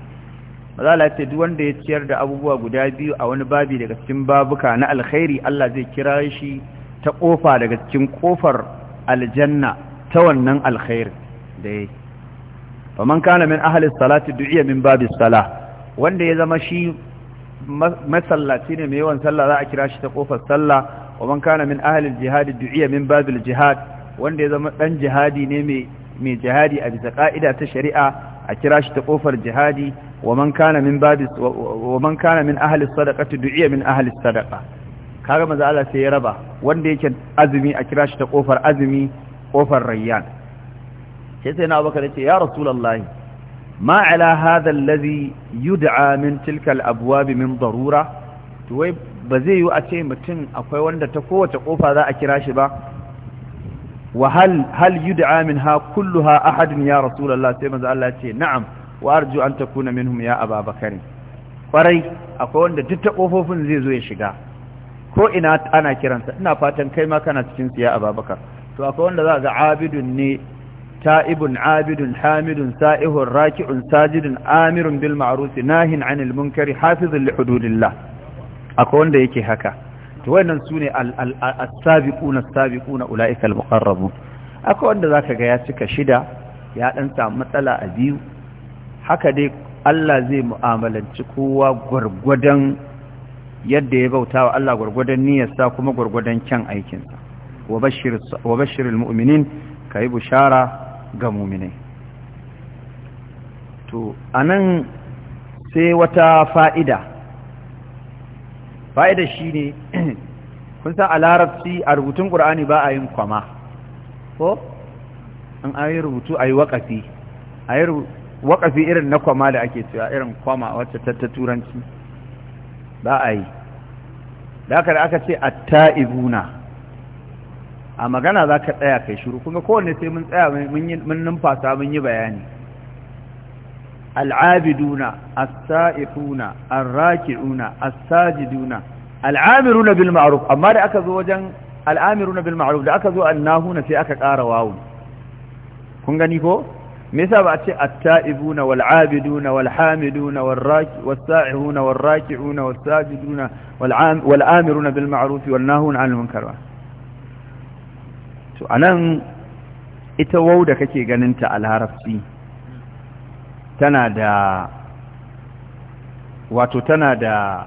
mazala ce duk wanda ya ciyar da abubuwa guda biyu a wani babi daga cikin babuka na alkhairi Allah zai kira shi ta kofa daga cikin kofar aljanna ta wannan alkhairi da yake faman kana min ahli salati du'iya min babis sala wanda ya zama shi masallaci ne mai yawan sallah za a kira shi ta kofar sallah waman kana min ahli jihad du'iya min babil jihad wanda ya zama dan jihadi ne mai mai jihadi a bisa ka'ida ta shari'a a kira shi ta kofar jihadi ومن كان من باب ومن كان من اهل الصدقه دعي من اهل الصدقه kaga maza Allah sai ya raba wanda yake azumi a kira shi ta kofar azumi kofar rayyan sai sai na abubakar ce ya rasulullahi ma ala hadha alladhi yud'a min tilka alabwab min darura to wai ba zai yi a ce mutum akwai wanda ta kowace kofa za a kira shi ba wa hal hal yud'a minha kulluha ahadin ya rasulullah sai maza Allah ce na'am wa arju an takuna minhum ya aba bakari kwarai akwai wanda duk ta kofofin zai zo ya shiga ko ina ana kiransa ina fatan kai ma kana cikin siya aba bakar to akwai wanda za ga abidun ne ta'ibun abidun hamidun sa'ihun raki'un sajidun amirun bil ma'ruf nahin 'anil munkari hafizun li hududillah akwai wanda yake haka to wannan sune as-sabiquna as-sabiquna ulaika al-muqarrabun akwai wanda zaka ga ya cika shida ya dan samu matsala a biyu haka dai Allah zai mu'amalanci kowa gwargwadon yadda ya bauta wa Allah gwargwadon niyyarsa kuma gwargwadon kyan aikinsa wa bashirul mu'minin yi bushara ga mu'minai to anan sai wata fa'ida fa'ida shine kun san a larabci a rubutun ƙur'ani ba a yin kwama ko an ayi rubutu ayi waƙafi ayi rubutu waƙafi irin na kwama da ake cewa irin kwama wacce ta turanci ba a yi da aka da aka ce a ta'ibuna a magana za ka tsaya kai shuru kuma kowane sai mun tsaya mun numfasa mun yi bayani al'abiduna as-sa'ifuna ar-raki'una as-sajiduna al'amiruna bil ma'ruf amma da aka zo wajen al'amiruna bil ma'ruf da aka zo annahuna sai aka ƙara wawu kun gani ko misa ba a ce a taibuna wal 'abiduna wal hamiduna wal raki was sa'ihuna wal raki'una was sajiduna wal amiruna bil ma'ruf wal nahuna 'anil munkar ba to anan ita wau da kake ganin ta al tana da wato tana da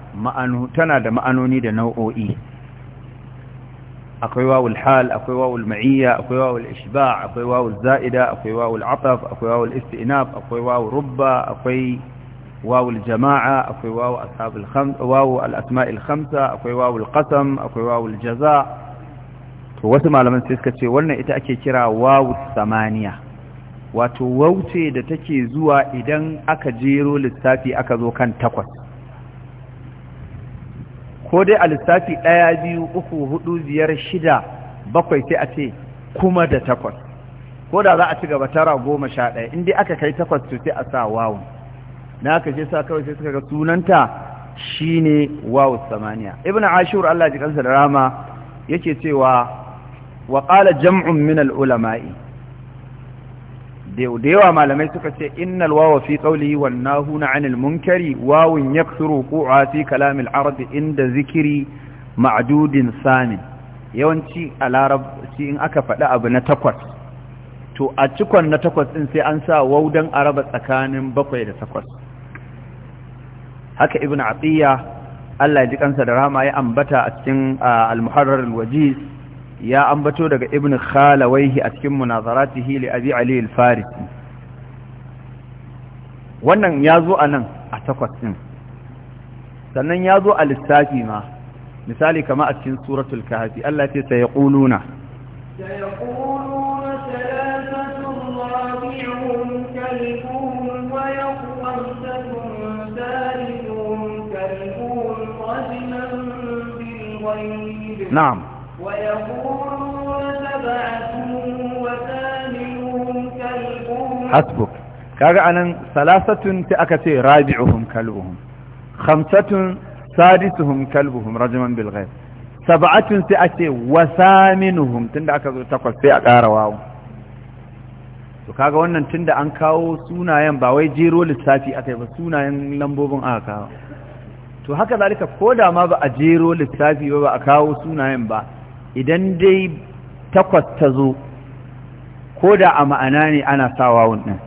tana da ma'anoni da nau'o'i akwai wawul hal akwai wawul ma'iyya akwai wawul ishba akwai wawul za'ida akwai wawul ataf akwai wawul istinaf akwai wawul rubba akwai wawul jama'a akwai wawul ashabul khams wawu asma'il khamsa akwai wawul qasam akwai wawul jaza to wasu malaman sai suka ce wannan ita ake kira wawul samaniya wato wauce da take zuwa idan aka jero lissafi aka zo kan takwas ko dai a lissafi ɗaya biyu uku hudu biyar shida bakwai sai a ce kuma da takwas ko da za a ci gaba tara goma sha ɗaya in dai aka kai takwas to sai a sa wawun na aka ce sa kawai sai suka ga sunanta shine wawu samaniya ibn ashur Allah ji kansa da rama yake cewa wa qala jam'un min al ulama'i da yawa malamai suka ce innal wawa fi qawlihi wan nahuna 'anil munkari wawun yakthuru qu'ha fi kalam al-arab inda zikiri ma'dudin samin yawanci a larabci in aka faɗi abu na takwas to a cikon na takwas din sai an sa waudan araba tsakanin bakwai da takwas haka ibn atiya Allah ya ji kansa da rahama ya ambata a cikin ah, al-muharrar al-wajiz ya ambato daga ibn khalawaihi a cikin munazaratihi li abi ali al-farisi wannan ya zo a nan a takwas ɗin sannan ya zo a lissafi ma misali kama a cikin suratul kahfi Allah ce sai ya ƙuluna نعم hasbuk kaga anan salasatun ta aka ce rabi'uhum kalbuhum khamsatun sadisuhum kalbuhum rajman bil ghaib sab'atun sai ake wasaminuhum tunda aka zo takwas sai a ƙara wawo to kaga wannan tunda an kawo sunayen ba wai jero lissafi akai ba sunayen lambobin aka kawo to haka zalika ko da ma ba a jero lissafi ba ba a kawo sunayen ba idan dai takwas ta zo ko da a ma'ana ne ana sa wawun ɗin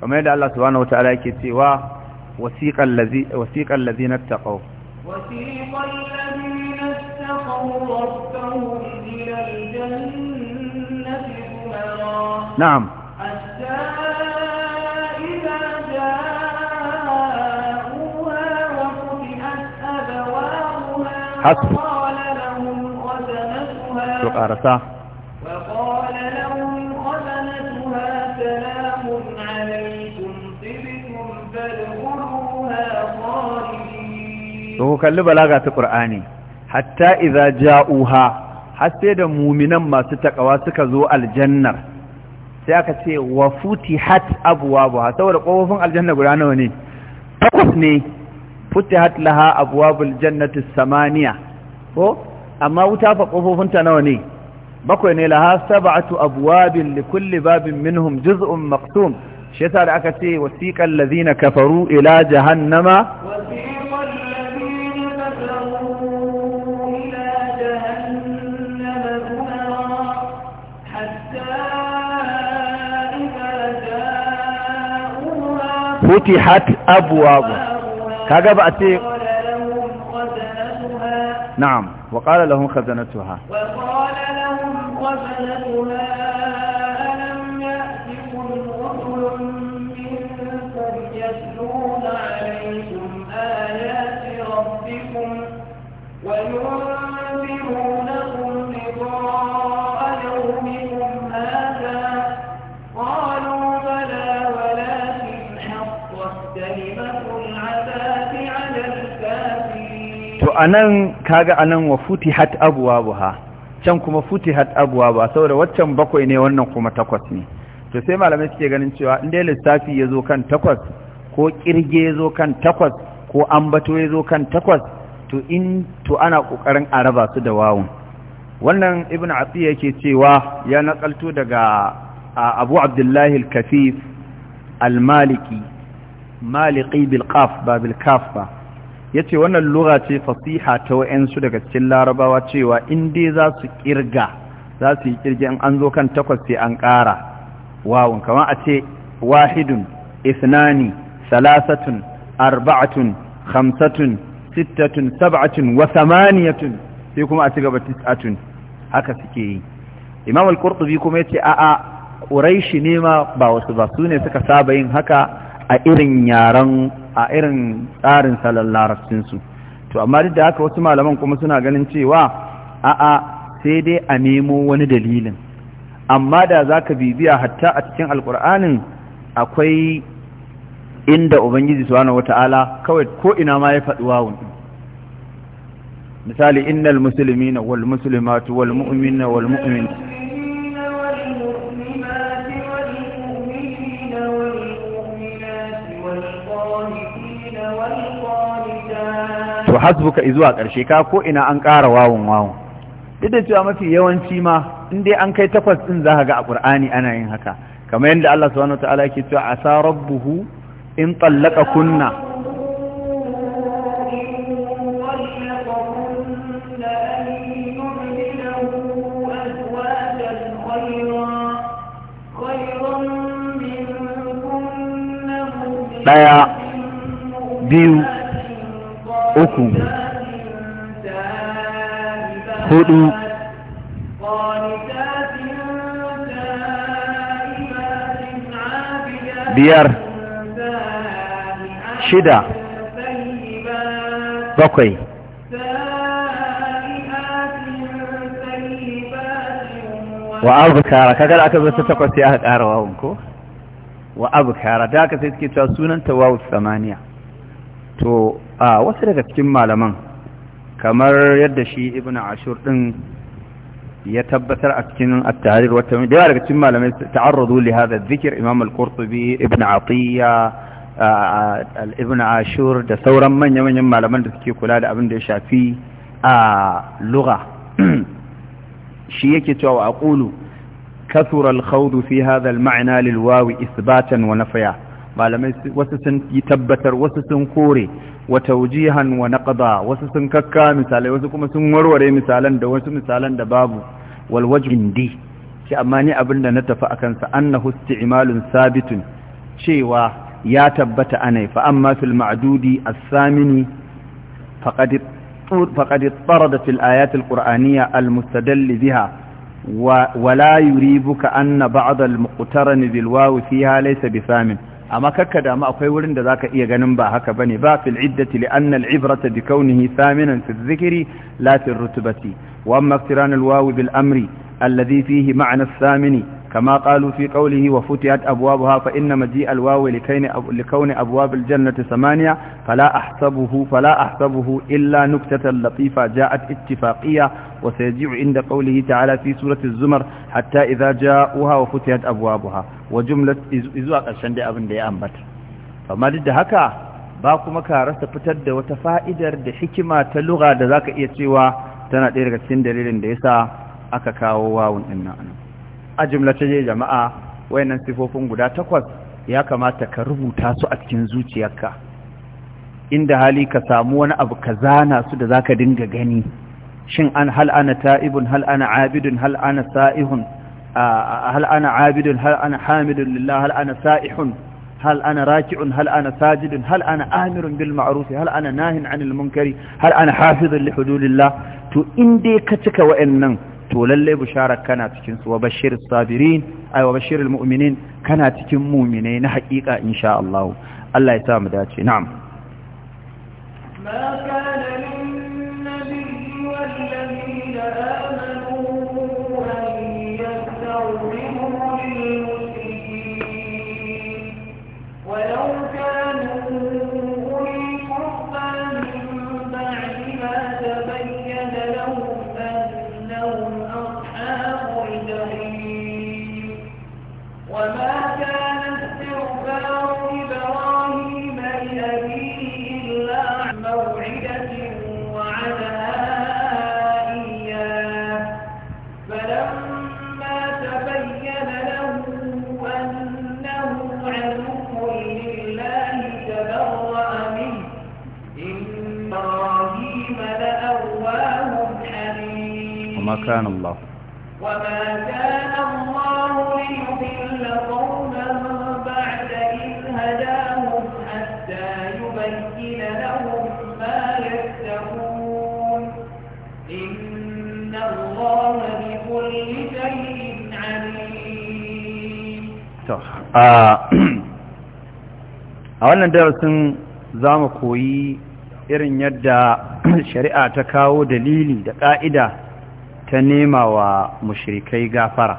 kamar yadda Allah subhanahu wata'ala yake cewa wasiqal ladina taqaw wasiqal ladina taqaw rabbahum ila al-jannati na'am to kalli balaga ta qur'ani hatta idza ja'uha har sai da muminan masu takawa suka zo aljannar sai aka ce wa futihat ha saboda kofofin aljanna guda nawa ne takwas ne futihat laha abwabul jannati samaniya ko amma wuta fa kofofin ta nawa ne bakwai ne laha sab'atu abwabin li kulli babin minhum juz'un maqsum shi yasa da aka ce wasiqal ladina kafaru ila jahannama wasiqa فتحت ابواب كذا نعم وقال لهم خزنتها وقال لهم خزنتها anan kaga anan wa futihat abwabuha can kuma futihat abwaba saboda waccan bakwai ne wannan kuma takwas ne to sai malamai suke ganin cewa inda dai lissafi ya zo kan takwas ko kirge ya zo kan takwas ko ambato ya zo kan takwas to in to ana kokarin araba su da wawun wannan ibn asiya yake cewa ya nakalto daga abu abdullahi al-kafif al-maliki maliki bil qaf ba bil ba ya ce wannan lura ce fasiha ta wa'yansu daga cikin larabawa cewa inda za su kirga za su yi kirgi in an zo kan takwas sai an ƙara wawun kama a ce wahidun isnani salasatun arba'atun hamsatun sittatun sab'atun wa samaniyatun sai kuma a ci gaba tis'atun haka suke yi imam al-qurtubi kuma yace a'a quraishi ne ma ba wasu ba su ne suka saba yin haka a irin yaran a irin tsarin salon larabcinsu to amma duk da haka wasu malaman kuma suna ganin cewa a'a sai dai a nemo wani dalilin amma da za ka bibiya hatta a cikin alkur'anin akwai inda ubangiji subhanahu wata'ala kawai ko'ina ma ya faɗi wawun misali innal na wal muslimatu wal na wal hasbuka zuwa ƙarshe ka ko ina an ƙara wawun wawon. duk da cewa mafi yawanci ma in dai an kai takwas din za ka ga a ƙur'ani ana yin haka kamar yadda Allah subhanahu wataala yake cewa asa rabbuhu in tallaka kunna ɗaya biyu uku hudu biyar shida bakwai wa kara kagar aka zo ta takwas ya kara wawon ko wa kara da aka sai suke cewa sunanta wawon samaniya to a wasu daga cikin malaman kamar yadda shi ibn ashur din ya tabbatar a cikin at-tahrir wa tamyiz da daga cikin malamai ta'arradu li hadha adh-dhikr imam al-qurtubi ibn atiya ibn ashur da sauran manya-manyan malaman da suke kula da abin da ya shafi a lugha shi yake cewa aqulu kathura al-khawd fi hadha al-ma'na lil-wawi ithbatan wa nafya malamai wasu sun yi tabbatar wasu sun kore wa taujihan wa naqda wasu sun kakka misalai wasu kuma sun warware misalan da wasu misalan da babu wal wajhin shi amma ni abin da na tafi akan sa annahu isti'malun sabitun cewa ya tabbata anai fa amma fil ma'dudi as-samini faqad فقد biha الآيات القرآنية المستدل بها ولا يريبك أن بعض المقترن بالواو فيها ليس samin. amma karka da damu akwai wurin da zaka iya ganin ba haka bane ba fil iddati li anna al ibrata bi kaunihi thaminan fi dhikri la fi rutbati wa amma iqtiran al wawi bil amri alladhi fihi ma'na al thamini كما قالوا في قوله وفتحت أبوابها فإن مجيء الواو لكون أبواب الجنة ثمانية فلا أحسبه فلا أحسبه إلا نكتة لطيفة جاءت اتفاقية وسيجيء عند قوله تعالى في سورة الزمر حتى إذا جاءوها وفتحت أبوابها وجملة إزواء الشند أبن دي أنبت فما ضد هكا باكو مكارس تفتد وتفائدر دي حكمة لغة ذاك إيتشيوا تنا ديرك سندرين ديسا أكا كاو واو إنا أنا a jimlace je jama'a wayannan sifofin guda takwas ya kamata ka rubuta su a cikin zuciyarka inda hali ka samu wani abu ka zana su da zaka dinga gani shin an hal ana ta'ibun hal ana abidun hal ana sa'ihun hal ana abidun hal ana hamidun lillah hal ana sa'ihun هل أنا راكع هل أنا ساجد هل أنا آمر بالمعروف هل أنا ناه عن المنكر هل أنا حافظ لحدود الله تو إن دي كتك وإنن to lalle bisharar kana cikin su wa bashir sabirin ay wa bashir almu'minin kana cikin mu'minai na haƙiƙa insha Allah Allah ya sa mu dace na'am كان الله وما كان الله ليضل قوما بعد إذ هداهم حتى يبين لهم ما يتقون إن الله بكل شيء عليم a wannan darasin za mu koyi irin yadda shari'a ta kawo dalili da ƙa'ida ta nema wa mushrikai gafara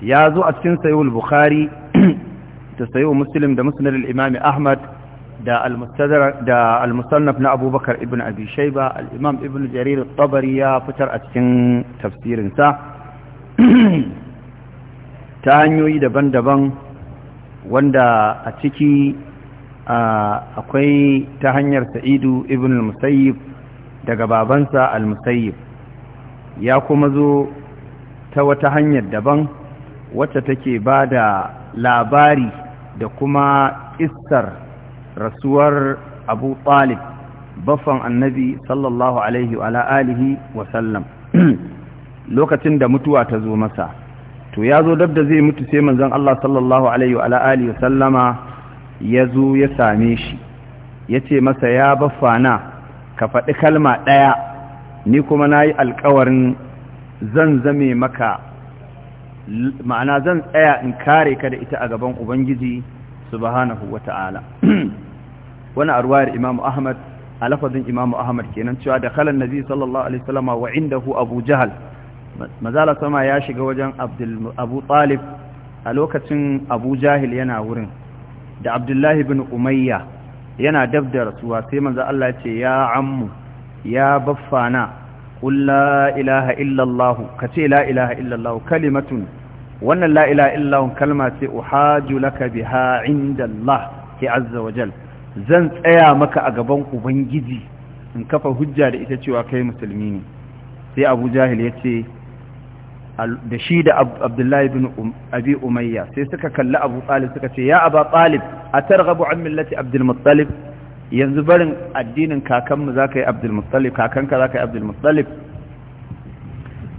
ya zo a cikin sayuwar bukhari da sayuwar muslim da musulun imami ahmad da al-musannaf na abubakar ibn abi shaiba al-imam ibn jarir tabari ya fitar a cikin tafsirinsa ta hanyoyi daban-daban wanda a ciki akwai ta hanyar sa'idu ibn al-musayyib daga babansa al-musayyib ya kuma zo ta wata hanyar daban wacce take ba da labari da kuma istar rasuwar abu talib baffan annabi sallallahu alaihi wa alihi wa lokacin da mutuwa ta zo masa to ya zo dab da zai mutu sai manzan Allah sallallahu alaihi wa alihi wa ya zo ya same shi ya ce masa ya na ka faɗi kalma ɗaya ni kuma na yi alkawarin zan zame maka ma'ana zan tsaya in kare ka da ita a gaban ubangiji subhanahu wa ta'ala wani arwayar imamu ahmad a lafazin imamu ahmad kenan cewa da kalan nabi sallallahu alaihi wasallama wa hu abu jahal mazala sama ya shiga wajen abu talib a lokacin abu jahil yana wurin da abdullahi bin umayya yana dab da rasuwa sai manzo Allah ya ce ya ammu ya baffana qul la ilaha illa allah kace la ilaha illa allah kalimatun wannan la ilaha illa kalma ce uhaju laka biha inda allah ki azza wa jal zan tsaya maka a gaban ubangiji in kafa hujja da ita cewa kai musulmi ne sai abu jahil ya ce da shi da abdullahi bin abi umayya sai suka kalli abu talib suka ce ya aba talib a targhabu an millati abdul muttalib yanzu barin addinin kakanmu za ka yi abdulmutsalif kakanka za ka yi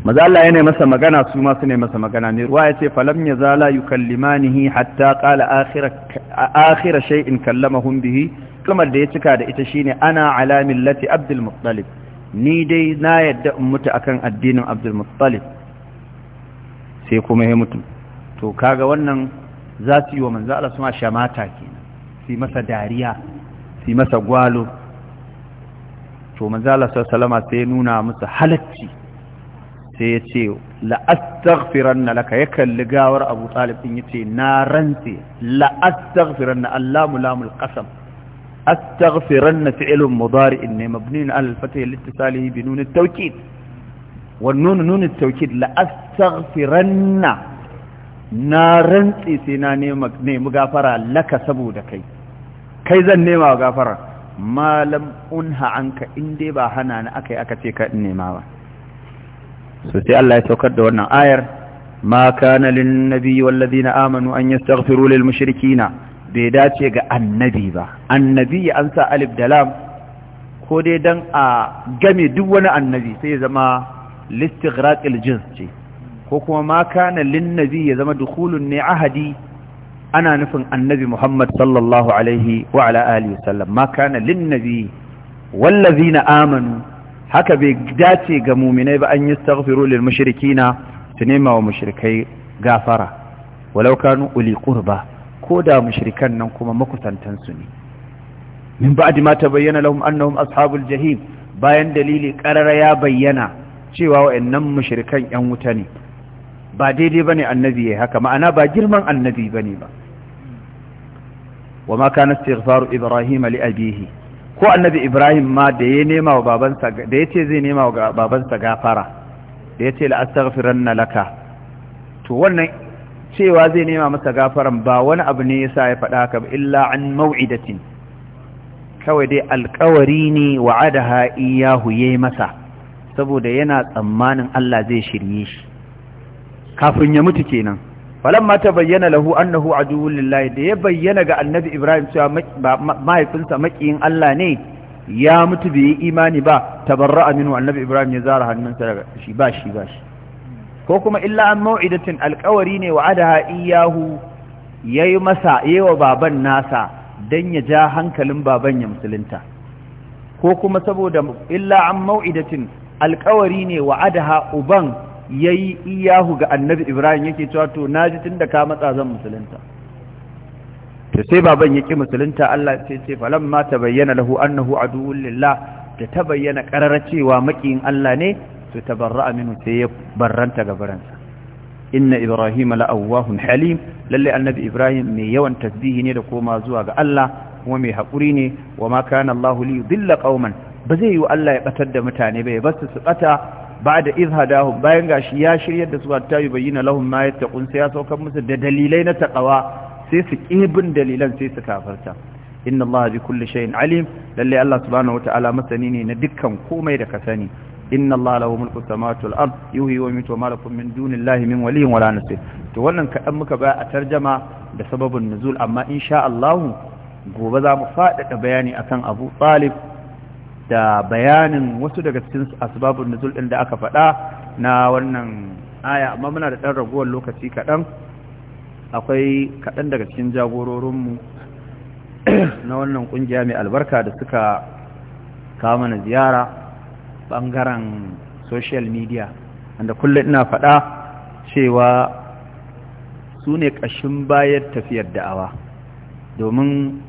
maza ya ne masa magana su masu ne masa magana ne ruwa ya ce falam ya zala yi kallimanihi hatta kala in shay'in kallamahum bihi kamar da ya cika da ita shine ana ala millati abdulmutsalif ni dai na yadda in mutu akan addinin abdulmutsalif sai kuma ya mutu to kaga wannan za su yi wa manzo su ma shamata kenan su masa dariya su masa gwalo to manzala salama sai nuna musu halacci sai ya ce la'astaghfiran na laka ya kalli gawar abu ɗalibin ya ce na rantse la'astaghfiran na allamu lamul ƙasam astaghfiran na fi'ilun mudari'in ne na alfata ya littisalihi bi nunin taukid wannan nunin taukid la'astaghfiran na na rantse sai na nemi gafara laka saboda kai kai zan nema wa gafara malam unha anka in dai ba hana ni aka yi aka ce ka nema ba so sai Allah ya saukar da wannan ayar ma kana lin nabi wal ladina amanu an yastaghfiru lil mushrikina bai dace ga annabi ba annabi ya ansa alif da lam ko dai dan a game duk wani annabi sai ya zama listighraqil jins ce ko kuma ma kana lin nabi ya zama dukhulun ni ahadi ana nufin annabi Muhammad sallallahu alaihi wa ala alihi sallam ma kana lin nabi na amanu haka bai dace ga muminai ba an yastaghfiru lil mushrikina su nema wa mushrikai gafara walau kanu uli qurba ko da mushrikan nan kuma makusantan su ne min ba'di ma tabayyana lahum annahum ashabul jahim bayan dalili karara ya bayyana cewa wayannan mushrikan yan wuta ne ba daidai ne annabi yi haka ma'ana ba girman annabi ne ba wama kana istighfaru ibrahim Ali abihi ko annabi ibrahim ma da ya nema wa babansa da zai nema wa babansa gafara da yace la astaghfiranna laka to wannan cewa zai nema masa gafaran ba wani abu ne yasa ya faɗa haka ba illa an mau'idatin kawai dai alkawari ne wa'adaha iyahu huye masa saboda yana tsammanin Allah zai shirye shi kafin ya mutu kenan falamma ta bayyana lahu annahu aduwwul lillahi da ya bayyana ga annabi ibrahim cewa mahaifinsa makiyin Allah ne ya mutu bai yi imani ba tabarra'a minhu annabi ibrahim ya zara hannunsa daga shi ba shi ba shi ko kuma illa an mau'idatin alƙawari ne wa'adaha iyahu yayi masa yawa baban nasa dan ya ja hankalin baban ya musulunta ko kuma saboda illa an mau'idatin alƙawari ne wa'adaha uban yayi iyahu ga annabi ibrahim yake cewa to naji tunda ka matsa zan musulunta to sai baban ya yake musulunta Allah sai ce ta tabayyana lahu annahu aduwwul lillah da bayyana qarara cewa makiyin Allah ne to barra minhu sai ya barranta ga baransa inna ibrahim awwahun halim lalle annabi ibrahim mai yawan tasbihi ne da koma zuwa ga Allah kuma mai haƙuri ne wa ma kana Allah li yudilla qauman ba zai yi Allah ya batar da mutane ba ya bar su su bata ba'da izhadahum bayan gashi ya shiryar da su hatta bayyana lahum ma yattaqun sai ya saukar musu da dalilai na taqwa sai su kibin dalilan sai su kafarta inna Allah bi kulli shay'in alim lalle Allah subhanahu wata'ala masani ne na dukkan komai da ka sani inna Allah lahu mulku samawati wal ard yuhyi wa yumiitu ma lakum min dunillahi min waliyyin wala nasir to wannan kadan muka ba a tarjama da sababin nuzul amma insha Allah gobe za mu faɗaɗa bayani akan Abu Talib da bayanin wasu daga cikin asibabin nuzul ɗin da aka faɗa na wannan aya amma muna da ɗan ragowar lokaci kaɗan akwai kaɗan daga cikin jagororinmu na wannan ƙungiya mai albarka da suka kawo mana ziyara ɓangaren social media wanda kullum ina faɗa cewa su ne ƙashin bayan tafiyar da'awa domin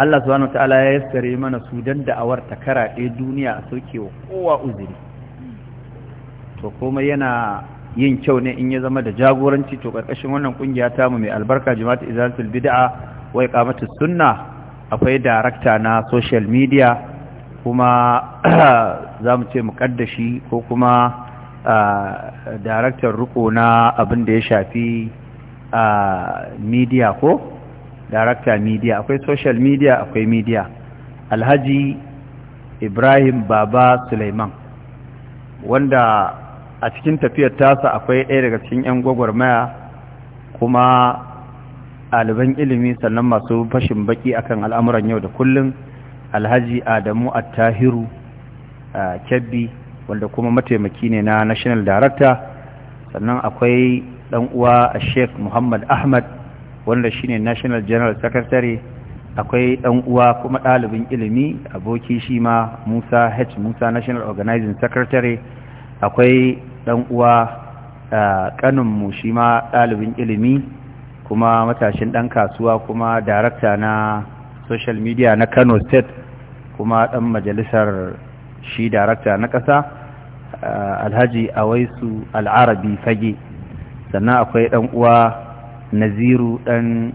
Allah subhanahu ta'ala ya yassare mana su dan da'awar ta karaɗe duniya a sauke wa kowa uzuri to komai yana yin kyau ne in ya zama da jagoranci to karkashin wannan kungiya ta mu mai albarka jama'at izalatul bid'a wai iqamatus sunna akwai darakta na social media kuma za mu ce mukaddashi ko kuma daraktar riko na abin da ya shafi media ko director media akwai social media akwai media alhaji ibrahim baba suleiman wanda a cikin tafiyar tasa akwai ɗaya daga cikin 'yan gwagwarmaya kuma ɗaliban ilimi sannan masu fashin baki akan al'amuran yau da kullum alhaji adamu attahiru kebbi wanda kuma mataimaki ne na national director sannan akwai ɗan uwa a sheikh muhammad ahmad wanda shine national general secretary akwai ɗan uwa kuma ɗalibin ilimi aboki shi ma musa h musa national organizing secretary akwai ɗan uwa kaninmu shi ma ɗalibin ilimi kuma matashin ɗan kasuwa kuma darakta na social media na kano state kuma ɗan majalisar shi darakta na ƙasa alhaji awaisu al'arabi fage sannan akwai ɗan uwa naziru ɗan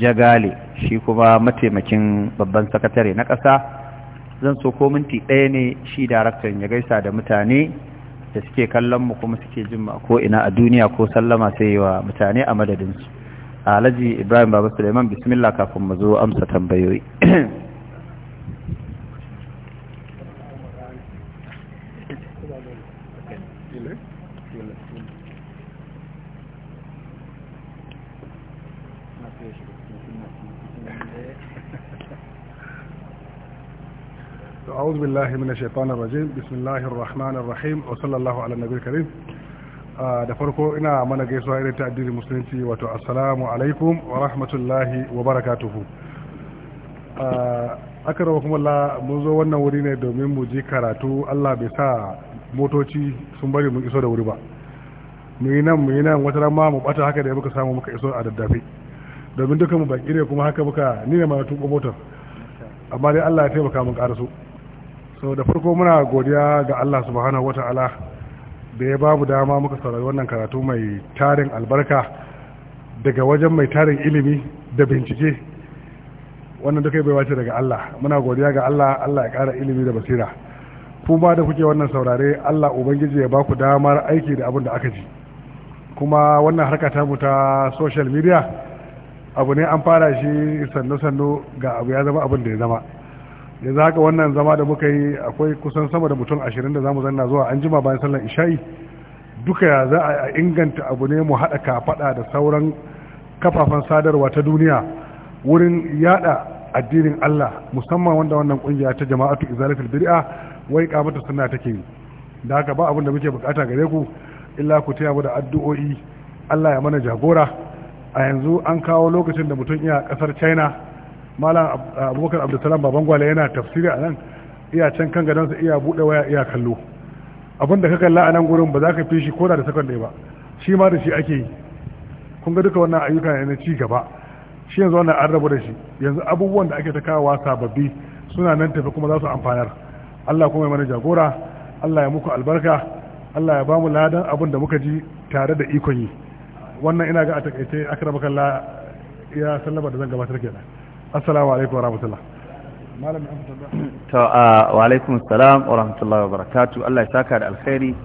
jagale shi kuma mataimakin babban sakatare na ƙasa zan so ko minti ɗaya ne shi daraktan ya gaisa da mutane da suke kallon mu kuma suke jin ma ko ina a duniya ko sallama sai wa mutane a madadinsu alhaji ibrahim baba suleiman bismillah kafin mu zo amsa tambayoyi أعوذ بالله من الشيطان الرجيم بسم الله الرحمن الرحيم وصلى الله على النبي الكريم da farko ina mana gaisuwa irin ta addinin musulunci wato assalamu alaikum wa rahmatullahi wa barakatuhu ah, aka rawa kuma la mun zo wannan wuri ne domin mu ji karatu Allah bai sa motoci sun bari mun iso da wuri ba mu yi nan mu yi nan wata rama mu bata haka da muka samu muka iso a daddafe domin duka mu baki ne kuma haka muka ni ne ma tuko motar amma dai Allah ya taimaka mun karaso Sau da farko muna godiya ga Allah subhanahu ta'ala da ya babu dama muka saurari wannan karatu mai tarin albarka daga wajen mai tarin ilimi da bincike wannan duka bai wace daga Allah muna godiya ga Allah Allah ya kara ilimi da basira kuma da kuke wannan saurare Allah ubangiji ya ba ku damar aiki da abin da aka ji kuma wannan harka ta ta social media abu ne an fara shi sannu-sannu ga abu ya zama abin da ya zama ya za ka wannan zama da muka yi akwai kusan sama da mutum ashirin da za mu zanna zuwa an jima bayan sallar isha'i duka ya za a inganta abu ne mu haɗa kafaɗa da sauran kafafen sadarwa ta duniya wurin yada addinin Allah musamman wanda wannan kungiya ta jama'atu izalatul bir'a wai kamata sunna take yi da haka ba abin da muke bukata gare ku illa ku taya mu da addu'o'i Allah ya mana jagora a yanzu an kawo lokacin da mutum iya kasar China malam abubakar abdulsalam baban gwale yana tafsiri a nan iya can kan gadonsa iya buɗe waya iya kallo abin da ka kalla a nan gurin ba za ka fi shi ko da sakon ba shi ma da shi ake yi kun ga duka wannan ayyuka na ci gaba shi yanzu wannan an rabu da shi yanzu abubuwan da ake ta kawowa sababbi suna nan tafi kuma za su amfanar Allah kuma ya mana jagora Allah ya muku albarka Allah ya bamu ladan abin da muka ji tare da ikon yi wannan ina ga a takaice akramakallah ya sallaba da zan gabatar kenan assalamu alaikum wa rahmatullah uh, wa alaikum salam wa rahmatullah wa barakatu Allah ya saka da alkhairi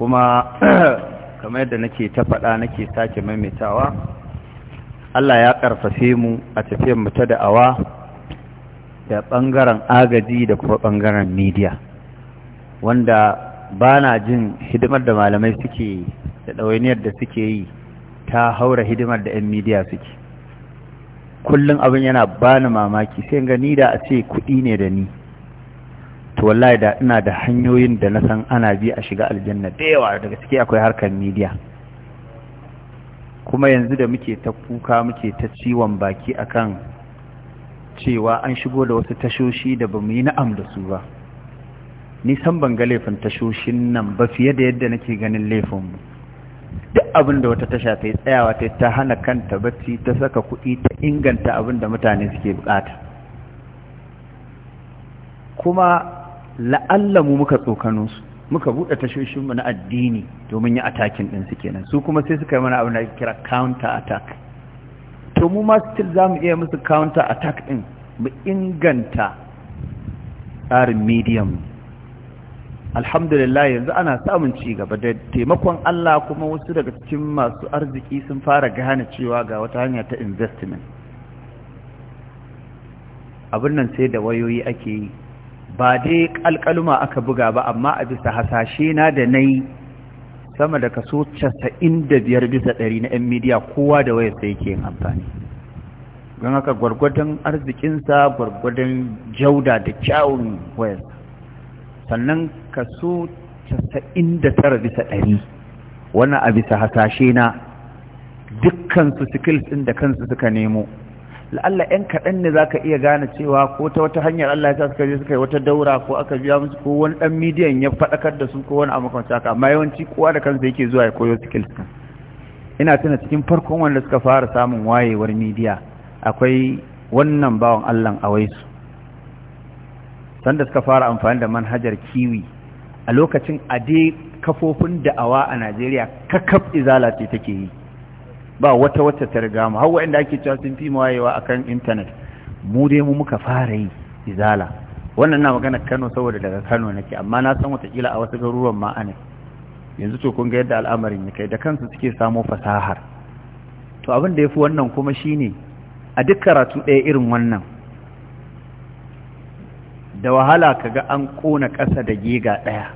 kuma kamar yadda nake ta faɗa nake sake maimaitawa Allah ya karfafe mu a tafiyar mu ta da'awa da bangaren agaji da kuma bangaren media wanda ba na jin hidimar da malamai suke da ɗawainiyar da suke yi ta haura hidimar da 'yan media suke kullum abin yana bani mamaki sai ga ni da a ce kuɗi ne da ni to wallahi da ina da hanyoyin da na san ana bi a shiga aljanna da yawa daga ciki akwai harkar media kuma yanzu da muke ta kuka muke ta ciwon baki akan cewa an shigo da wasu tashoshi da ba mu yi na'am da su ba Ni nisan ban ga laifin tashoshin nan ba fiye da yadda nake ganin laifinmu duk abin da wata tasha ta yi tsayawa ta yi ta hana kanta bacci ta saka kuɗi ta inganta abinda mutane suke bukata kuma la'alla mu muka tsokano su muka buɗe tashoshinmu na addini domin yi atakin ɗin su kenan su kuma sai suka yi mana abin da kira counter attack to mu ma still za mu iya musu counter attack ɗin mu inganta tsarin medium alhamdulillah yanzu ana samun ci gaba da taimakon Allah kuma wasu daga cikin masu arziki sun fara gane cewa ga wata hanya ta investment abin nan sai da wayoyi ake yi ba dai kalkaluma aka buga ba amma a bisa hasashe na da nayi sama da kaso 95 bisa 100 na 'yan midiya kowa da wayar sai yake yin amfani don haka gwargwadon arzikinsa gwargwadon jauda da kyawun wayarsa sannan kaso tara bisa ɗari wannan a bisa hasashe na dukkansu skills ɗin da kansu suka nemo la'alla 'yan kaɗan ne za ka iya gane cewa ko ta wata hanyar Allah ya suka je suka yi wata daura ko aka biya musu ko wani ɗan midiyan ya faɗakar da su ko wani abu haka amma yawanci kowa da kansa yake zuwa ya koyo skills ɗin ina tuna cikin farkon wanda suka fara samun wayewar midiya akwai wannan bawan Allah a waisu sanda suka fara amfani da manhajar kiwi a lokacin ade kafofin da'awa a najeriya kakaf izala ce take yi ba wata wata ta riga mu hawa inda ake cewa sun fi mawayewa akan intanet mu dai mu muka fara yi izala wannan na magana kano saboda daga kano nake amma na san watakila a wasu garuruwan ma ne yanzu to kun ga yadda al'amarin ya kai da kansu suke samo fasahar to abin da ya fi wannan kuma shine a duk karatu ɗaya irin wannan da wahala kaga an kona ƙasa da giga ɗaya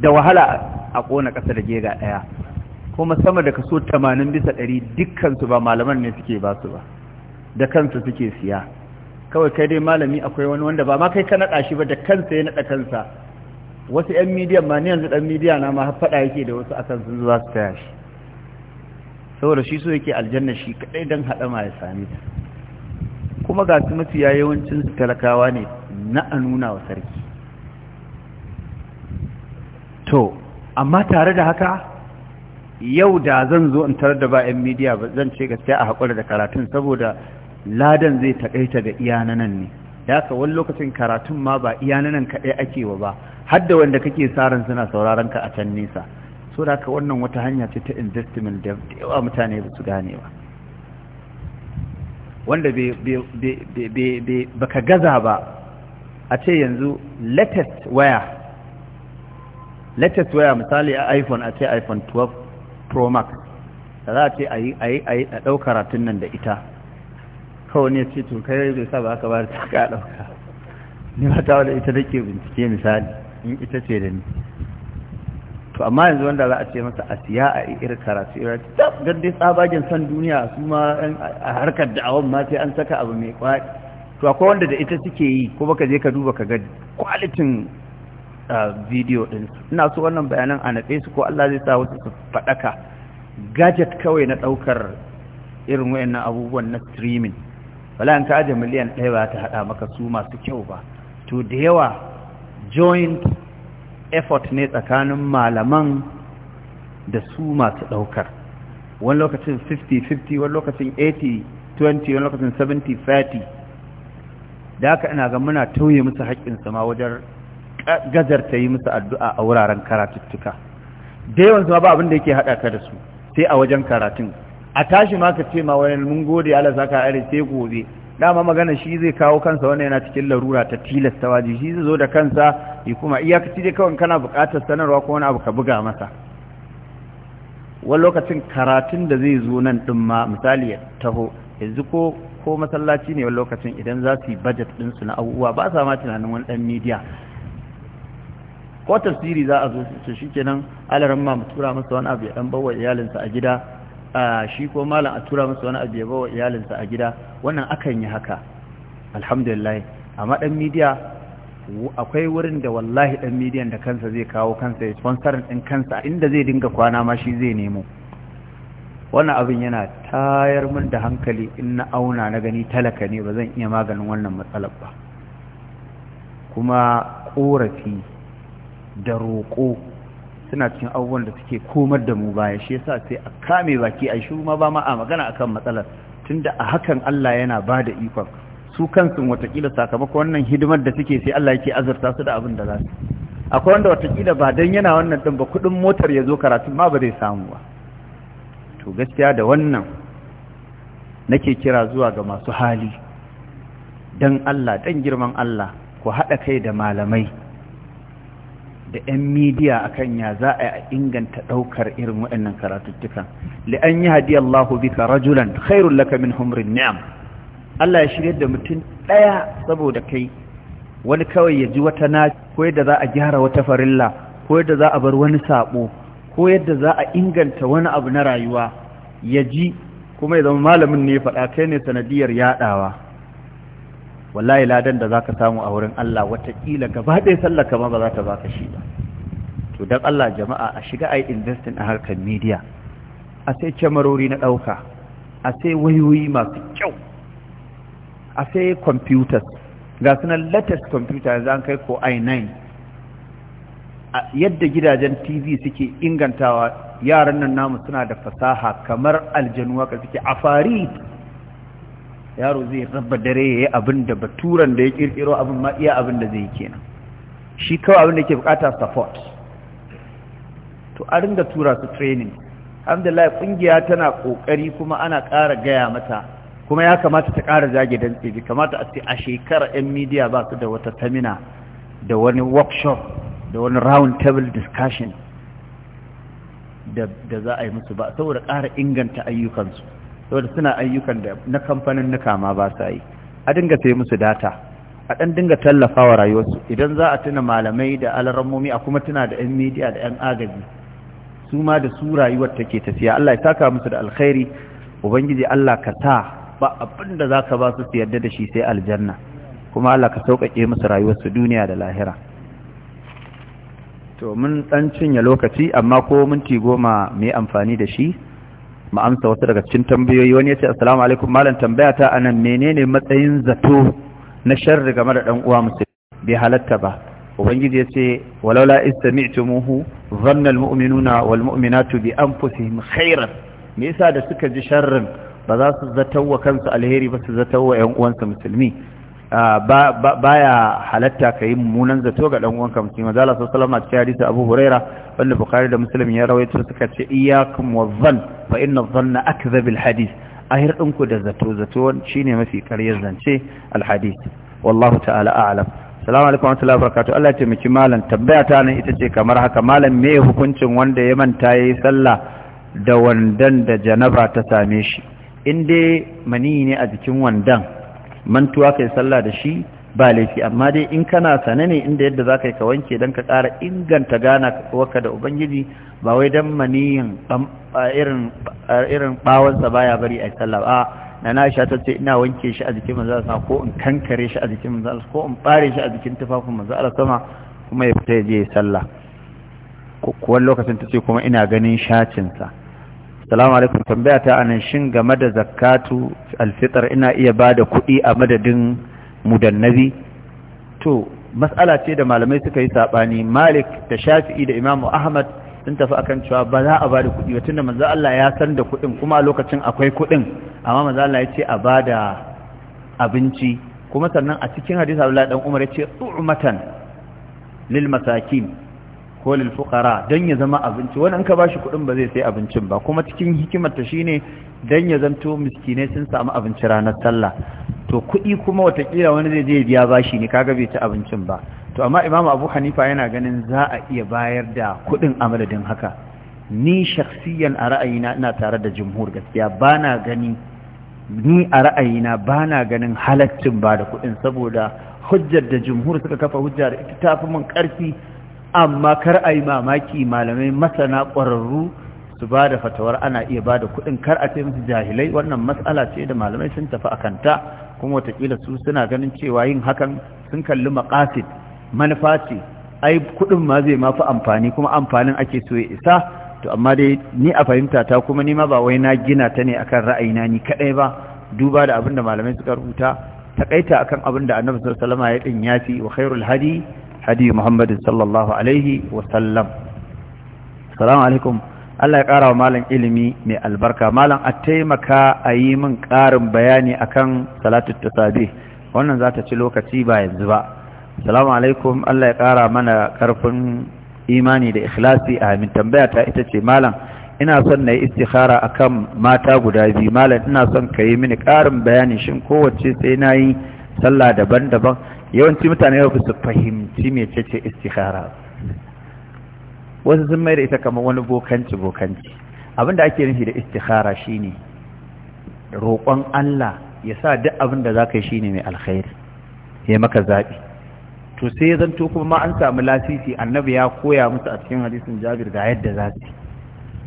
da wahala a kona ƙasa da giga ɗaya kuma sama da kaso 80 bisa ɗari dukkansu ba malaman ne suke ba su ba da kansu suke siya kawai kai dai malami akwai wani wanda ba ma kai ka naɗa shi ba da kansa ya naɗa kansa wasu 'yan midiyan ma ni yanzu ɗan midiya na ma faɗa yake da wasu akan sun za su taya shi saboda shi so yake aljanna shi kaɗai don haɗama ya sami ta kuma ga su mafiya yawancin talakawa ne na a nuna wa sarki to amma tare da haka yau da zan zo in tarar da ba'yan midiya ba zan ce gaskiya a haƙura da karatun saboda ladan zai taƙaita ga iya nan ne ya ka wani lokacin karatun ma ba iya nan kaɗai ake wa ba har da wanda kake sarin suna sauraron ka a can nesa so da haka wannan wata hanya ce ta investment da yawa mutane ba su gane ba wanda baka gaza ba a ce yanzu latest waya latest waya misali a iphone a ce iphone 12 pro max da za a ce a yi a yi a ɗaukar ratun nan da ita kawai ne ce to kai bai sa ba aka ba da ta ka ɗauka ni ba ta wada ita da ke bincike misali in ita ce da ni to amma yanzu wanda za a ce masa a siya a irin karatu irin tab gandai tsabagen san duniya su ma a harkar da'awan ma sai an saka abu mai kwaɗi to akwai wanda da ita suke yi ko baka je ka duba ka ga kwalitin bidiyo din ina so wannan bayanan a natse su ko Allah zai sa wasu su faɗaka gadget kawai na ɗaukar irin wayannan abubuwan na streaming wala an ka miliyan ɗaya ba ta haɗa maka su masu kyau ba to da yawa joint effort ne tsakanin malaman da su masu ɗaukar wani lokacin 50-50 wani lokacin 80-20 wani lokacin 70-30 da aka ina ga muna tauye musu haƙƙinsu ma wajen ta yi musu addu'a a wuraren karatuttuka da yawan ma ba abin da yake haɗa ka da su sai a wajen karatun a tashi ma ka ce ma wani mun gode ala zaka are sai gobe dama magana shi zai kawo kansa wanda yana cikin larura ta tilasta waje shi zai zo da kansa yi kuma iyakaci dai kawai kana bukatar sanarwa ko wani abu ka buga masa wani lokacin karatun da zai zo nan ɗin ma misali ya taho yanzu ko ko masallaci ne wani lokacin idan za su yi budget ɗinsu na abubuwa ba sa ma tunanin wani dan midiya ko tafsiri za a zo su shi kenan alaran ma tura masa wani abu ya ɗan bawa iyalinsa a gida a shi ko malam a tura masa wani abu ya bawa iyalinsa a gida wannan akan yi haka alhamdulillah amma dan media akwai wurin da wallahi dan midiyan da kansa zai kawo kansa ya sponsor din kansa inda zai dinga kwana ma shi zai nemo wannan abin yana tayar min da hankali in na auna na gani talaka ne ba zan iya maganin wannan matsalar ba kuma korafi da roƙo suna cikin abubuwan da suke komar da mu baya shi yasa sai a kame baki a shiru ma ba ma a magana akan matsalar tunda a hakan Allah yana ba da ikon su kansu watakila sakamakon wannan hidimar da suke sai Allah yake azurta su da abin da za su akwai wanda watakila ba dan yana wannan din ba kudin motar ya zo karatu ma ba zai samu ba to gaskiya da wannan nake kira zuwa ga masu hali dan Allah dan girman Allah ku haɗa kai da malamai da 'yan midiya a kan ya za a inganta ɗaukar irin waɗannan karatuttukan li'an yi hadi Allahu bika rajulan khairun laka min humrin ni'am Allah ya shirya da mutum ɗaya saboda kai wani kawai ya ji wata na ko yadda za a gyara wata farilla ko yadda za a bar wani saɓo ko yadda za a inganta wani abu na rayuwa ya ji kuma ya zama malamin ne faɗa kai ne sanadiyar yaɗawa wallahi ladan da zaka samu a wurin Allah wataƙila gaba ɗaya sallaka kama ba za ta baka shi ba to dan Allah jama'a a shiga ai investing a harkar media a sai kyamarori na ɗauka a sai wayoyi masu kyau a sai computers ga sunan latest computer yanzu an kai ko i9 yadda gidajen tv suke ingantawa yaran nan namu suna da fasaha kamar aljanuwa ka suke a farid yaro zai rabba dare ya yi abin da baturan da ya kirkiro abin ma iya abin da zai kenan shi kawai abin da ke bukata support to a ringa tura su training alhamdulillah kungiya tana kokari kuma ana ƙara gaya mata kuma ya kamata ta ƙara zage dan tsibi kamata a ce a shekara yan media ba su da wata tamina da wani workshop da wani round table discussion da za a yi musu ba saboda ƙara inganta ayyukansu saboda suna ayyukan da na kamfanin nuka ma ba su yi a dinga sai musu data a ɗan dinga tallafa wa rayuwarsu idan za a tuna malamai da alarammomi a kuma tuna da 'yan midiya da 'yan agaji su ma da su rayuwar take tafiya Allah ya saka musu da alkhairi ubangiji Allah ka sa ba abin da za ba su yarda da shi sai aljanna kuma Allah ka sauƙaƙe musu rayuwarsu duniya da lahira to mun ɗan cinye lokaci amma ko minti goma mai amfani da shi ma amsa wasu daga cikin tambayoyi wani ya ce assalamu alaikum malam tambaya ta anan menene matsayin zato na sharri game da dan uwa musulmi bai halatta ba ubangiji ya ce walaula istami'tumuhu dhanna almu'minuna walmu'minatu bi anfusihim khairan me yasa da suka ji sharrin ba za su wa kansu alheri ba su wa yan uwansu musulmi baya halatta ka yi mummunan zato ga dan uwanka musulmi sallallahu alaihi wasallam a cikin hadisi Abu Huraira wanda bukari da muslim ya rawaito suka ce iyakum wazzan fa inna dhanna akdhabil hadith ahir ɗinku da zato zato shine mafi ƙaryar zance alhadith wallahu ta'ala a'lam salamu alaikum wa rahmatullahi wa barakatuh Allah ya taimaki malam tambaya ta nan ita ce kamar haka malam me hukuncin wanda ya manta yayi sallah da wandan da janaba ta same shi in dai mani ne a jikin wandan mantuwa kai sallah da shi ba laifi amma dai in kana sane ne inda yadda za ka yi ka wanke don ka ƙara inganta gana waka da ubangiji ba wai don maniyin irin ɓawonsa baya bari a sallah a na na sha tace ina wanke shi a jikin manzo sama ko in kankare shi a jikin manzo ko in bare shi a jikin tufafin manzo Allah sama kuma ya fita je sallah ko lokacin tace kuma ina ganin shacin sa assalamu alaikum tambaya ta anan shin game da zakatu alfitar ina iya bada kuɗi a madadin mudannabi to matsala ce da malamai suka yi saɓani malik da shafi'i da imamu ahmad sun tafi akan cewa ba za a ba da kuɗi ba tunda manzo Allah ya san da kuɗin kuma a lokacin akwai kuɗin amma manzo Allah ya ce a ba da abinci kuma sannan a cikin hadisi Abdullahi dan Umar ya ce tu'matan lil masakin ko lil fuqara dan ya zama abinci wani an ka bashi kuɗin ba zai sai abincin ba kuma cikin hikimar ta shine dan ya zanto muskinai sun samu abinci ranar sallah to kuɗi kuma watakila wani zai je biya bashi ne kaga bai ci abincin ba to amma imam abu hanifa yana ganin za a iya bayar da kuɗin a haka ni shaksiyan a ra'ayina ina tare da jumhur gaskiya ba na gani ni a ra'ayina ba na ganin halaccin ba da kuɗin saboda hujjar da jumhur suka kafa hujjar ita ta fi mun ƙarfi amma kar a yi mamaki malamai masana ƙwararru su ba da fatawar ana iya ba da kuɗin kar a ce musu jahilai wannan matsala ce da malamai sun tafi a kanta kuma watakila su suna ganin cewa yin hakan sun kalli makasid manufa ce ai kudin ma zai mafi amfani kuma amfanin ake so ya isa to amma dai ni a fahimta ta kuma ni ma ba wai na gina ta ne akan ra'ayina ni kadai ba duba da abin da malamai suka rubuta takaita akan abin da annabi sallallahu alaihi wasallam ya din yafi wa khairul hadi hadi muhammadin sallallahu alaihi wasallam assalamu alaikum Allah ya ƙara wa malam ilimi mai albarka malam a taimaka a yi min ƙarin bayani akan salatu tasabi wannan za ta ci lokaci ba yanzu ba salamu alaikum Allah ya ƙara mana ƙarfin imani da ikhlasi amin tambaya ta ita ce malam ina son na yi istikhara akan mata guda biyu malam ina son ka yi mini ƙarin bayani shin kowace sai na yi sallah daban-daban yawanci mutane yau su fahimci ce istikhara wasu sun mai da ita kamar wani bokanci bokanci abinda ake nufi da istikhara shine roƙon Allah ya sa duk abin da za zaka yi ne mai alkhairi ya maka zaɓi. to sai zanto kuma ma an samu lasisi annabi ya koya musu a cikin hadisin Jabir ga yadda za su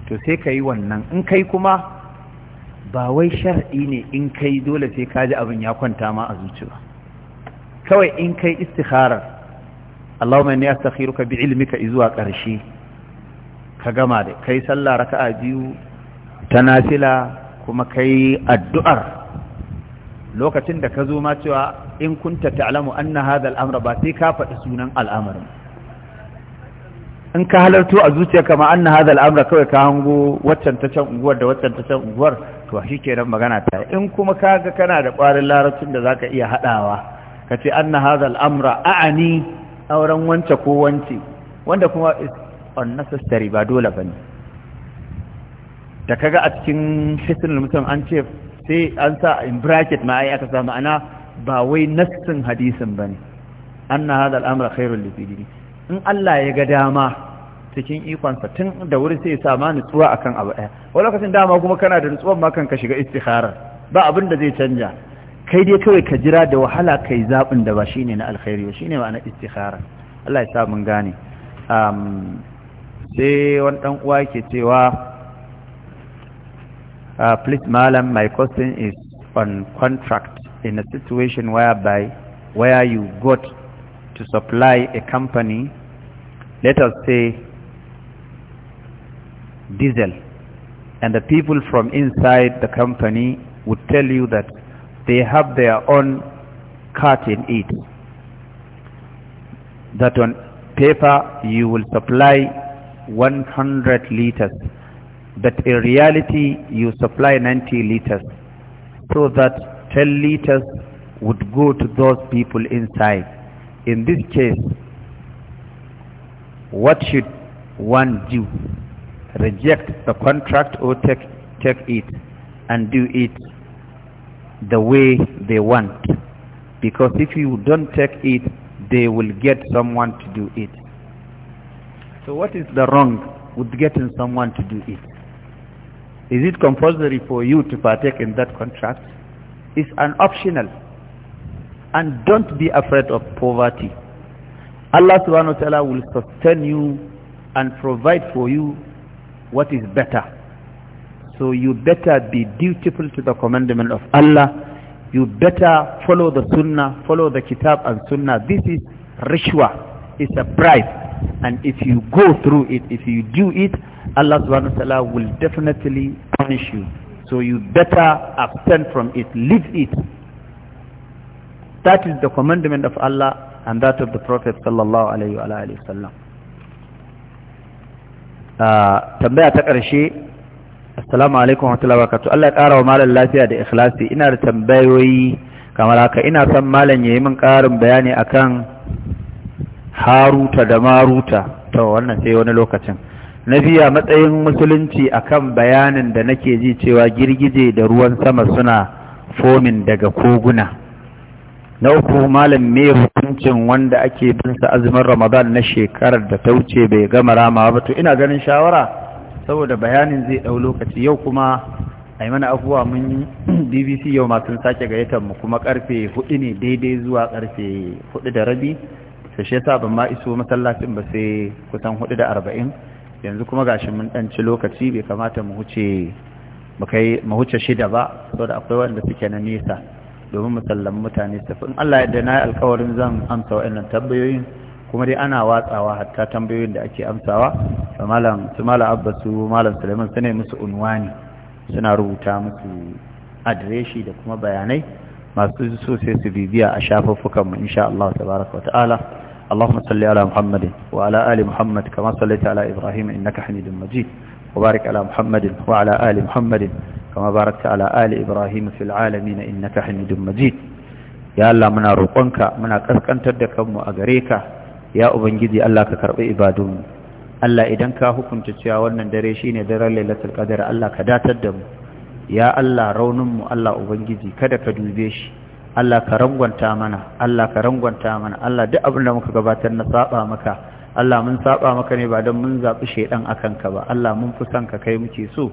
to sai ka yi wannan in kai kuma ba wai shar'i ne in kai dole sai ka ji abin ya kwanta ma a zuciya kawai in kai istikharar Allahumma inni astakhiruka bi ilmika izuwa ƙarshe ka gama da kai sallah raka'a biyu ta nafila kuma kai addu'ar lokacin da ka zo ma cewa in kunta ta'lamu anna hadha al ba sai ka faɗi sunan al'amarin in ka halarto a zuciyarka ma anna hadha al-amra kawai ka hango waccan ta can unguwar da waccan ta can unguwar to shikenan magana ta in kuma kaga kana da ƙwarin larabcin da zaka iya hadawa kace anna hadha al-amra a'ani auren wance ko wance wanda kuma unnecessary ba dole ba ne da kaga a cikin fitnul mutum an ce sai an sa in bracket ma ai aka samu ana ba wai nassin hadisin ba ne an na hada al'amura khairun lifidini in Allah ya ga dama cikin ikonsa tun da wuri sai ya sa ma nutsuwa akan abu ɗaya wani lokacin dama kuma kana da nutsuwan ma kan ka shiga istihara ba abin da zai canja kai dai kawai ka jira da wahala kai zaɓin da ba shi ne na alkhairi ba shi ne ma'ana istihara Allah ya sa mun gane sai wani ɗan uwa ke cewa uh, please malam my question is on contract in a situation whereby where you got to supply a company let us say diesel and the people from inside the company would tell you that they have their own cart in it that on paper you will supply 100 liters but in reality you supply 90 liters so that 10 liters would go to those people inside in this case what should one do reject the contract or take take it and do it the way they want because if you don't take it they will get someone to do it so what is the wrong with getting someone to do it? Is it compulsory for you to partake in that contract? It's an optional. And don't be afraid of poverty. Allah subhanahu wa ta'ala will sustain you and provide for you what is better. So you better be dutiful to the commandment of Allah. You better follow the sunnah, follow the kitab and sunnah. This is rishwa. It's a bribe. and if you go through it, if you do it, Allah subhanahu wa ta'ala will definitely punish you. So you better abstain from it, leave it. That is the commandment of Allah and that of the Prophet sallallahu alaihi wasallam. Uh, tambaya ta ƙarshe assalamu alaikum wa ta'ala barakatu Allah ya ƙara wa malam lafiya da ikhlasi ina da tambayoyi kamar haka ina son malam yayi min ƙarin bayani akan haruta da maruta ta wannan sai wani lokacin na biya matsayin musulunci akan bayanin da nake ji cewa girgije da ruwan sama suna fomin daga koguna na uku malam me hukuncin wanda ake binsa azumin ramadan na shekarar da ta wuce bai gama rama ba to ina ganin shawara saboda bayanin zai ɗau lokaci yau kuma a mana abubuwa mun yi bbc yau masu sake gayyatar mu kuma karfe hudu ne daidai zuwa karfe hudu da rabi sashe ta yasa ban ma iso masallacin ba sai kusan da arba'in yanzu kuma gashi mun dan lokaci bai kamata mu huce mu shida ba saboda akwai wanda suke na nisa domin sallama mutane tafi in Allah yadda na yi alkawarin zan amsa wa'annan tambayoyin kuma dai ana watsawa hatta tambayoyin da ake amsawa da malam su malam malam suleiman su ne musu unwani suna rubuta musu adireshi da kuma bayanai masu so sai su bibiya a shafuffukanmu insha Allah tabaraka wata'ala اللهم صل على محمد وعلى آل محمد كما صليت على إبراهيم إنك حميد مجيد وبارك على محمد وعلى آل محمد كما باركت على آل إبراهيم في العالمين إنك حميد مجيد يا الله منا روقنك منا كسكنتر da kanmu a gare ka ya ubangiji Allah ka karbi ibadunmu Allah idan ka hukunta cewa wannan dare shine daren lailatul qadar Allah ka datar da mu ya Allah rauninmu Allah Ubangiji kada ka dube shi Allah ka rangwanta mana Allah ka rangwanta mana Allah duk abin da muka gabatar na saba maka Allah mun saba maka ne ba don mun zaɓi shaidan a kanka ba Allah mun fi son ka kai muke so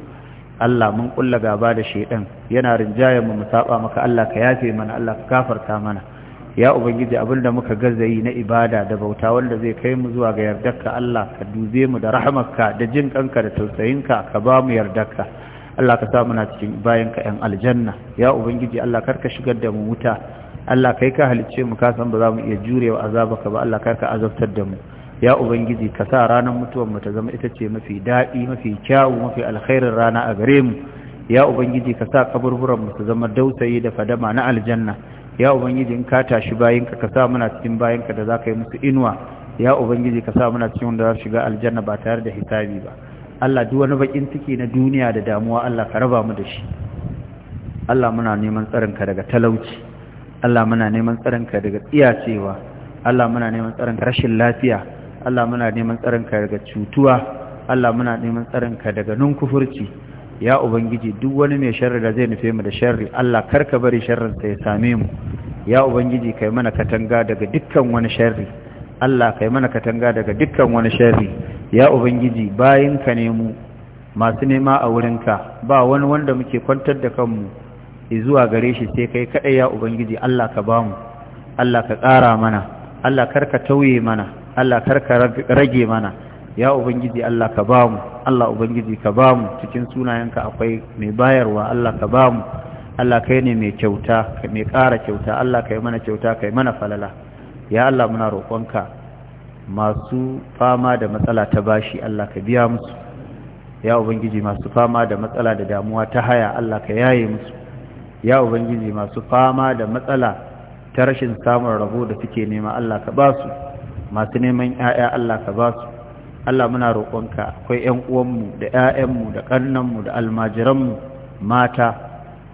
Allah mun ƙulla gaba da shaidan yana rinjayen mu saba maka Allah ka yafe mana Allah ka kafarta mana ya ubangiji abin da muka yi na ibada da bauta wanda zai kai mu zuwa ga yardarka Allah ka dube mu da rahamarka da jin kanka da tausayinka ka ba mu yardarka Allah ka sa muna cikin bayan ka yan aljanna ya ubangiji Allah karka shigar da mu wuta Allah kai ka halicce mu ka san ba za mu iya jurewa azabaka ba Allah karka azabtar da mu ya ubangiji ka sa ranar mutuwar mu ta zama ita ce mafi daɗi mafi kyawu mafi alkhairin rana a gare mu ya ubangiji ka sa kaburburan mu ta zama dausayi da fadama na aljanna ya ubangiji in ka tashi bayinka ka sa muna cikin bayinka da za ka yi musu inuwa ya ubangiji ka sa muna cikin wanda za su shiga aljanna ba tare da hisabi ba Allah duk wani bakin ciki na duniya da damuwa Allah ka raba mu da shi Allah muna neman ka daga talauci Allah muna neman ka daga tsiyacewa Allah muna neman ka rashin lafiya Allah muna neman ka daga cutuwa Allah muna neman ka daga kufurci ya ubangiji duk wani mai sharri da zai nufe mu da sharri Allah karka bari sharrin ya same mu ya ubangiji kai mana katanga daga dukkan wani sharri Allah kai mana katanga daga dukkan wani sharri ya ubangiji bayin ka ne mu masu nema a wurinka ba wani wanda muke kwantar da kanmu zuwa gare shi sai kai kadai ya ubangiji Allah ka bamu Allah ka ƙara mana Allah kar ka tauye mana Allah kar ka rage mana ya ubangiji Allah ka bamu Allah ubangiji ka bamu cikin sunayenka akwai mai bayarwa Allah ka bamu Allah kai ne mai kyauta mai ƙara kyauta Allah kai mana kyauta kai mana falala ya Allah muna roƙonka masu fama da matsala ta bashi Allah ka biya musu ya ubangiji masu fama da matsala da damuwa ta haya Allah ka yaye musu ya ubangiji masu fama da matsala ta rashin samun rabo da suke nema Allah ka ba su masu neman 'ya'ya Allah ka ba su Allah muna roƙonka akwai 'yan uwanmu da 'ya'yanmu da ƙannanmu da almajiranmu mata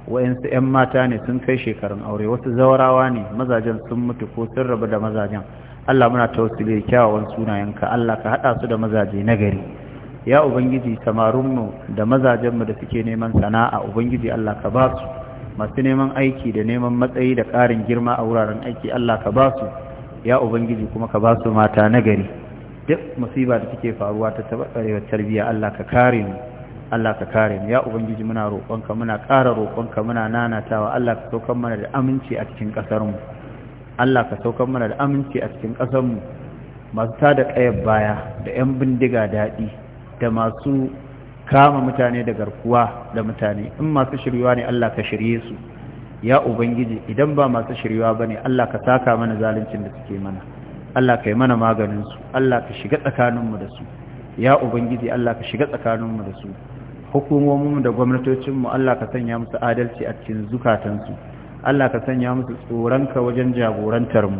wayansu 'yan mata ne sun kai shekarun aure wasu zawarawa ne mazajen sun mutu ko sun rabu da mazajen Allah muna tausile kyawawan sunayenka Allah ka haɗa su da mazaje na gari. ya ubangiji samarinmu da mazajenmu da suke neman sana'a ubangiji Allah ka ba su masu neman aiki da neman matsayi da ƙarin girma a wuraren aiki Allah ka ba su ya ubangiji kuma ka ba su mata nagari duk masiba da take faruwa ta taɓa da tarbiyya Allah ka kare mu Allah ka kare mu ya ubangiji muna roƙonka muna ƙara roƙonka muna nanatawa Allah ka saukar mana da aminci a cikin ƙasar mu Allah ka saukar mana da aminci a cikin ƙasar mu masu tada ƙayar baya da ƴan bindiga daɗi da masu kama mutane da garkuwa da mutane in masu shiryuwa ne Allah ka shirye su ya ubangiji idan ba masu shiryuwa bane Allah ka saka mana zaluncin da suke mana Allah ka yi mana maganin su Allah ka shiga tsakaninmu da su ya ubangiji Allah ka shiga tsakaninmu da su hukumomin da gwamnatocinmu Allah ka sanya musu adalci a cikin zukatansu Allah ka sanya musu tsoronka wajen jagorantarmu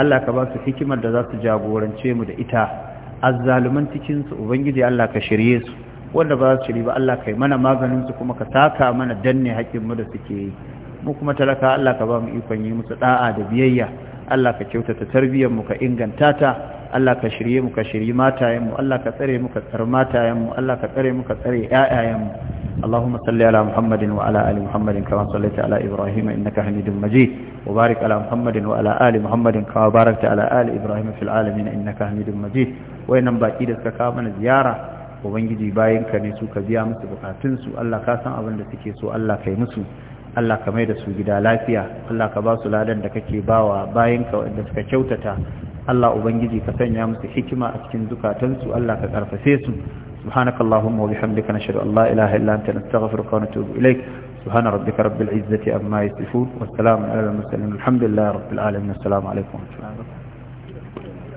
Allah ka ba su hikimar da za su jagorance mu da ita azzaluman cikinsu ubangiji Allah ka shirye su wanda ba su shiri ba Allah ka yi mana su kuma ka saka mana danne haƙƙinmu da suke yi mu kuma talaka Allah ka ba mu ikon yi musu da'a da biyayya Allah ka kyautata tarbiyyar mu ka inganta ta Allah ka shirye mu ka shirye matayenmu Allah ka tsare mu ka tsare matayenmu Allah ka tsare mu ka tsare ƴaƴayenmu اللهم صل على محمد وعلى ال محمد كما صليت على ابراهيم انك حميد مجيد وبارك على محمد وعلى ال محمد كما باركت على ال ابراهيم في العالمين انك حميد مجيد wayannan baki da suka kawo mana ziyara ubangiji bayan ka ne su biya musu bukatun su Allah ka san abin da suke so Allah kai musu Allah ka mai da su gida lafiya Allah ka ba su ladan da kake bawa bayan ka wanda suka kyautata Allah ubangiji ka sanya musu hikima a cikin zukatansu Allah ka karfafe su subhanakallahumma wa bihamdika nashhadu an la ilaha illa anta nastaghfiruka wa natubu ilaik subhana rabbika rabbil izzati amma yasifun wa salamun ala al mursalin alhamdulillahi rabbil alamin assalamu alaikum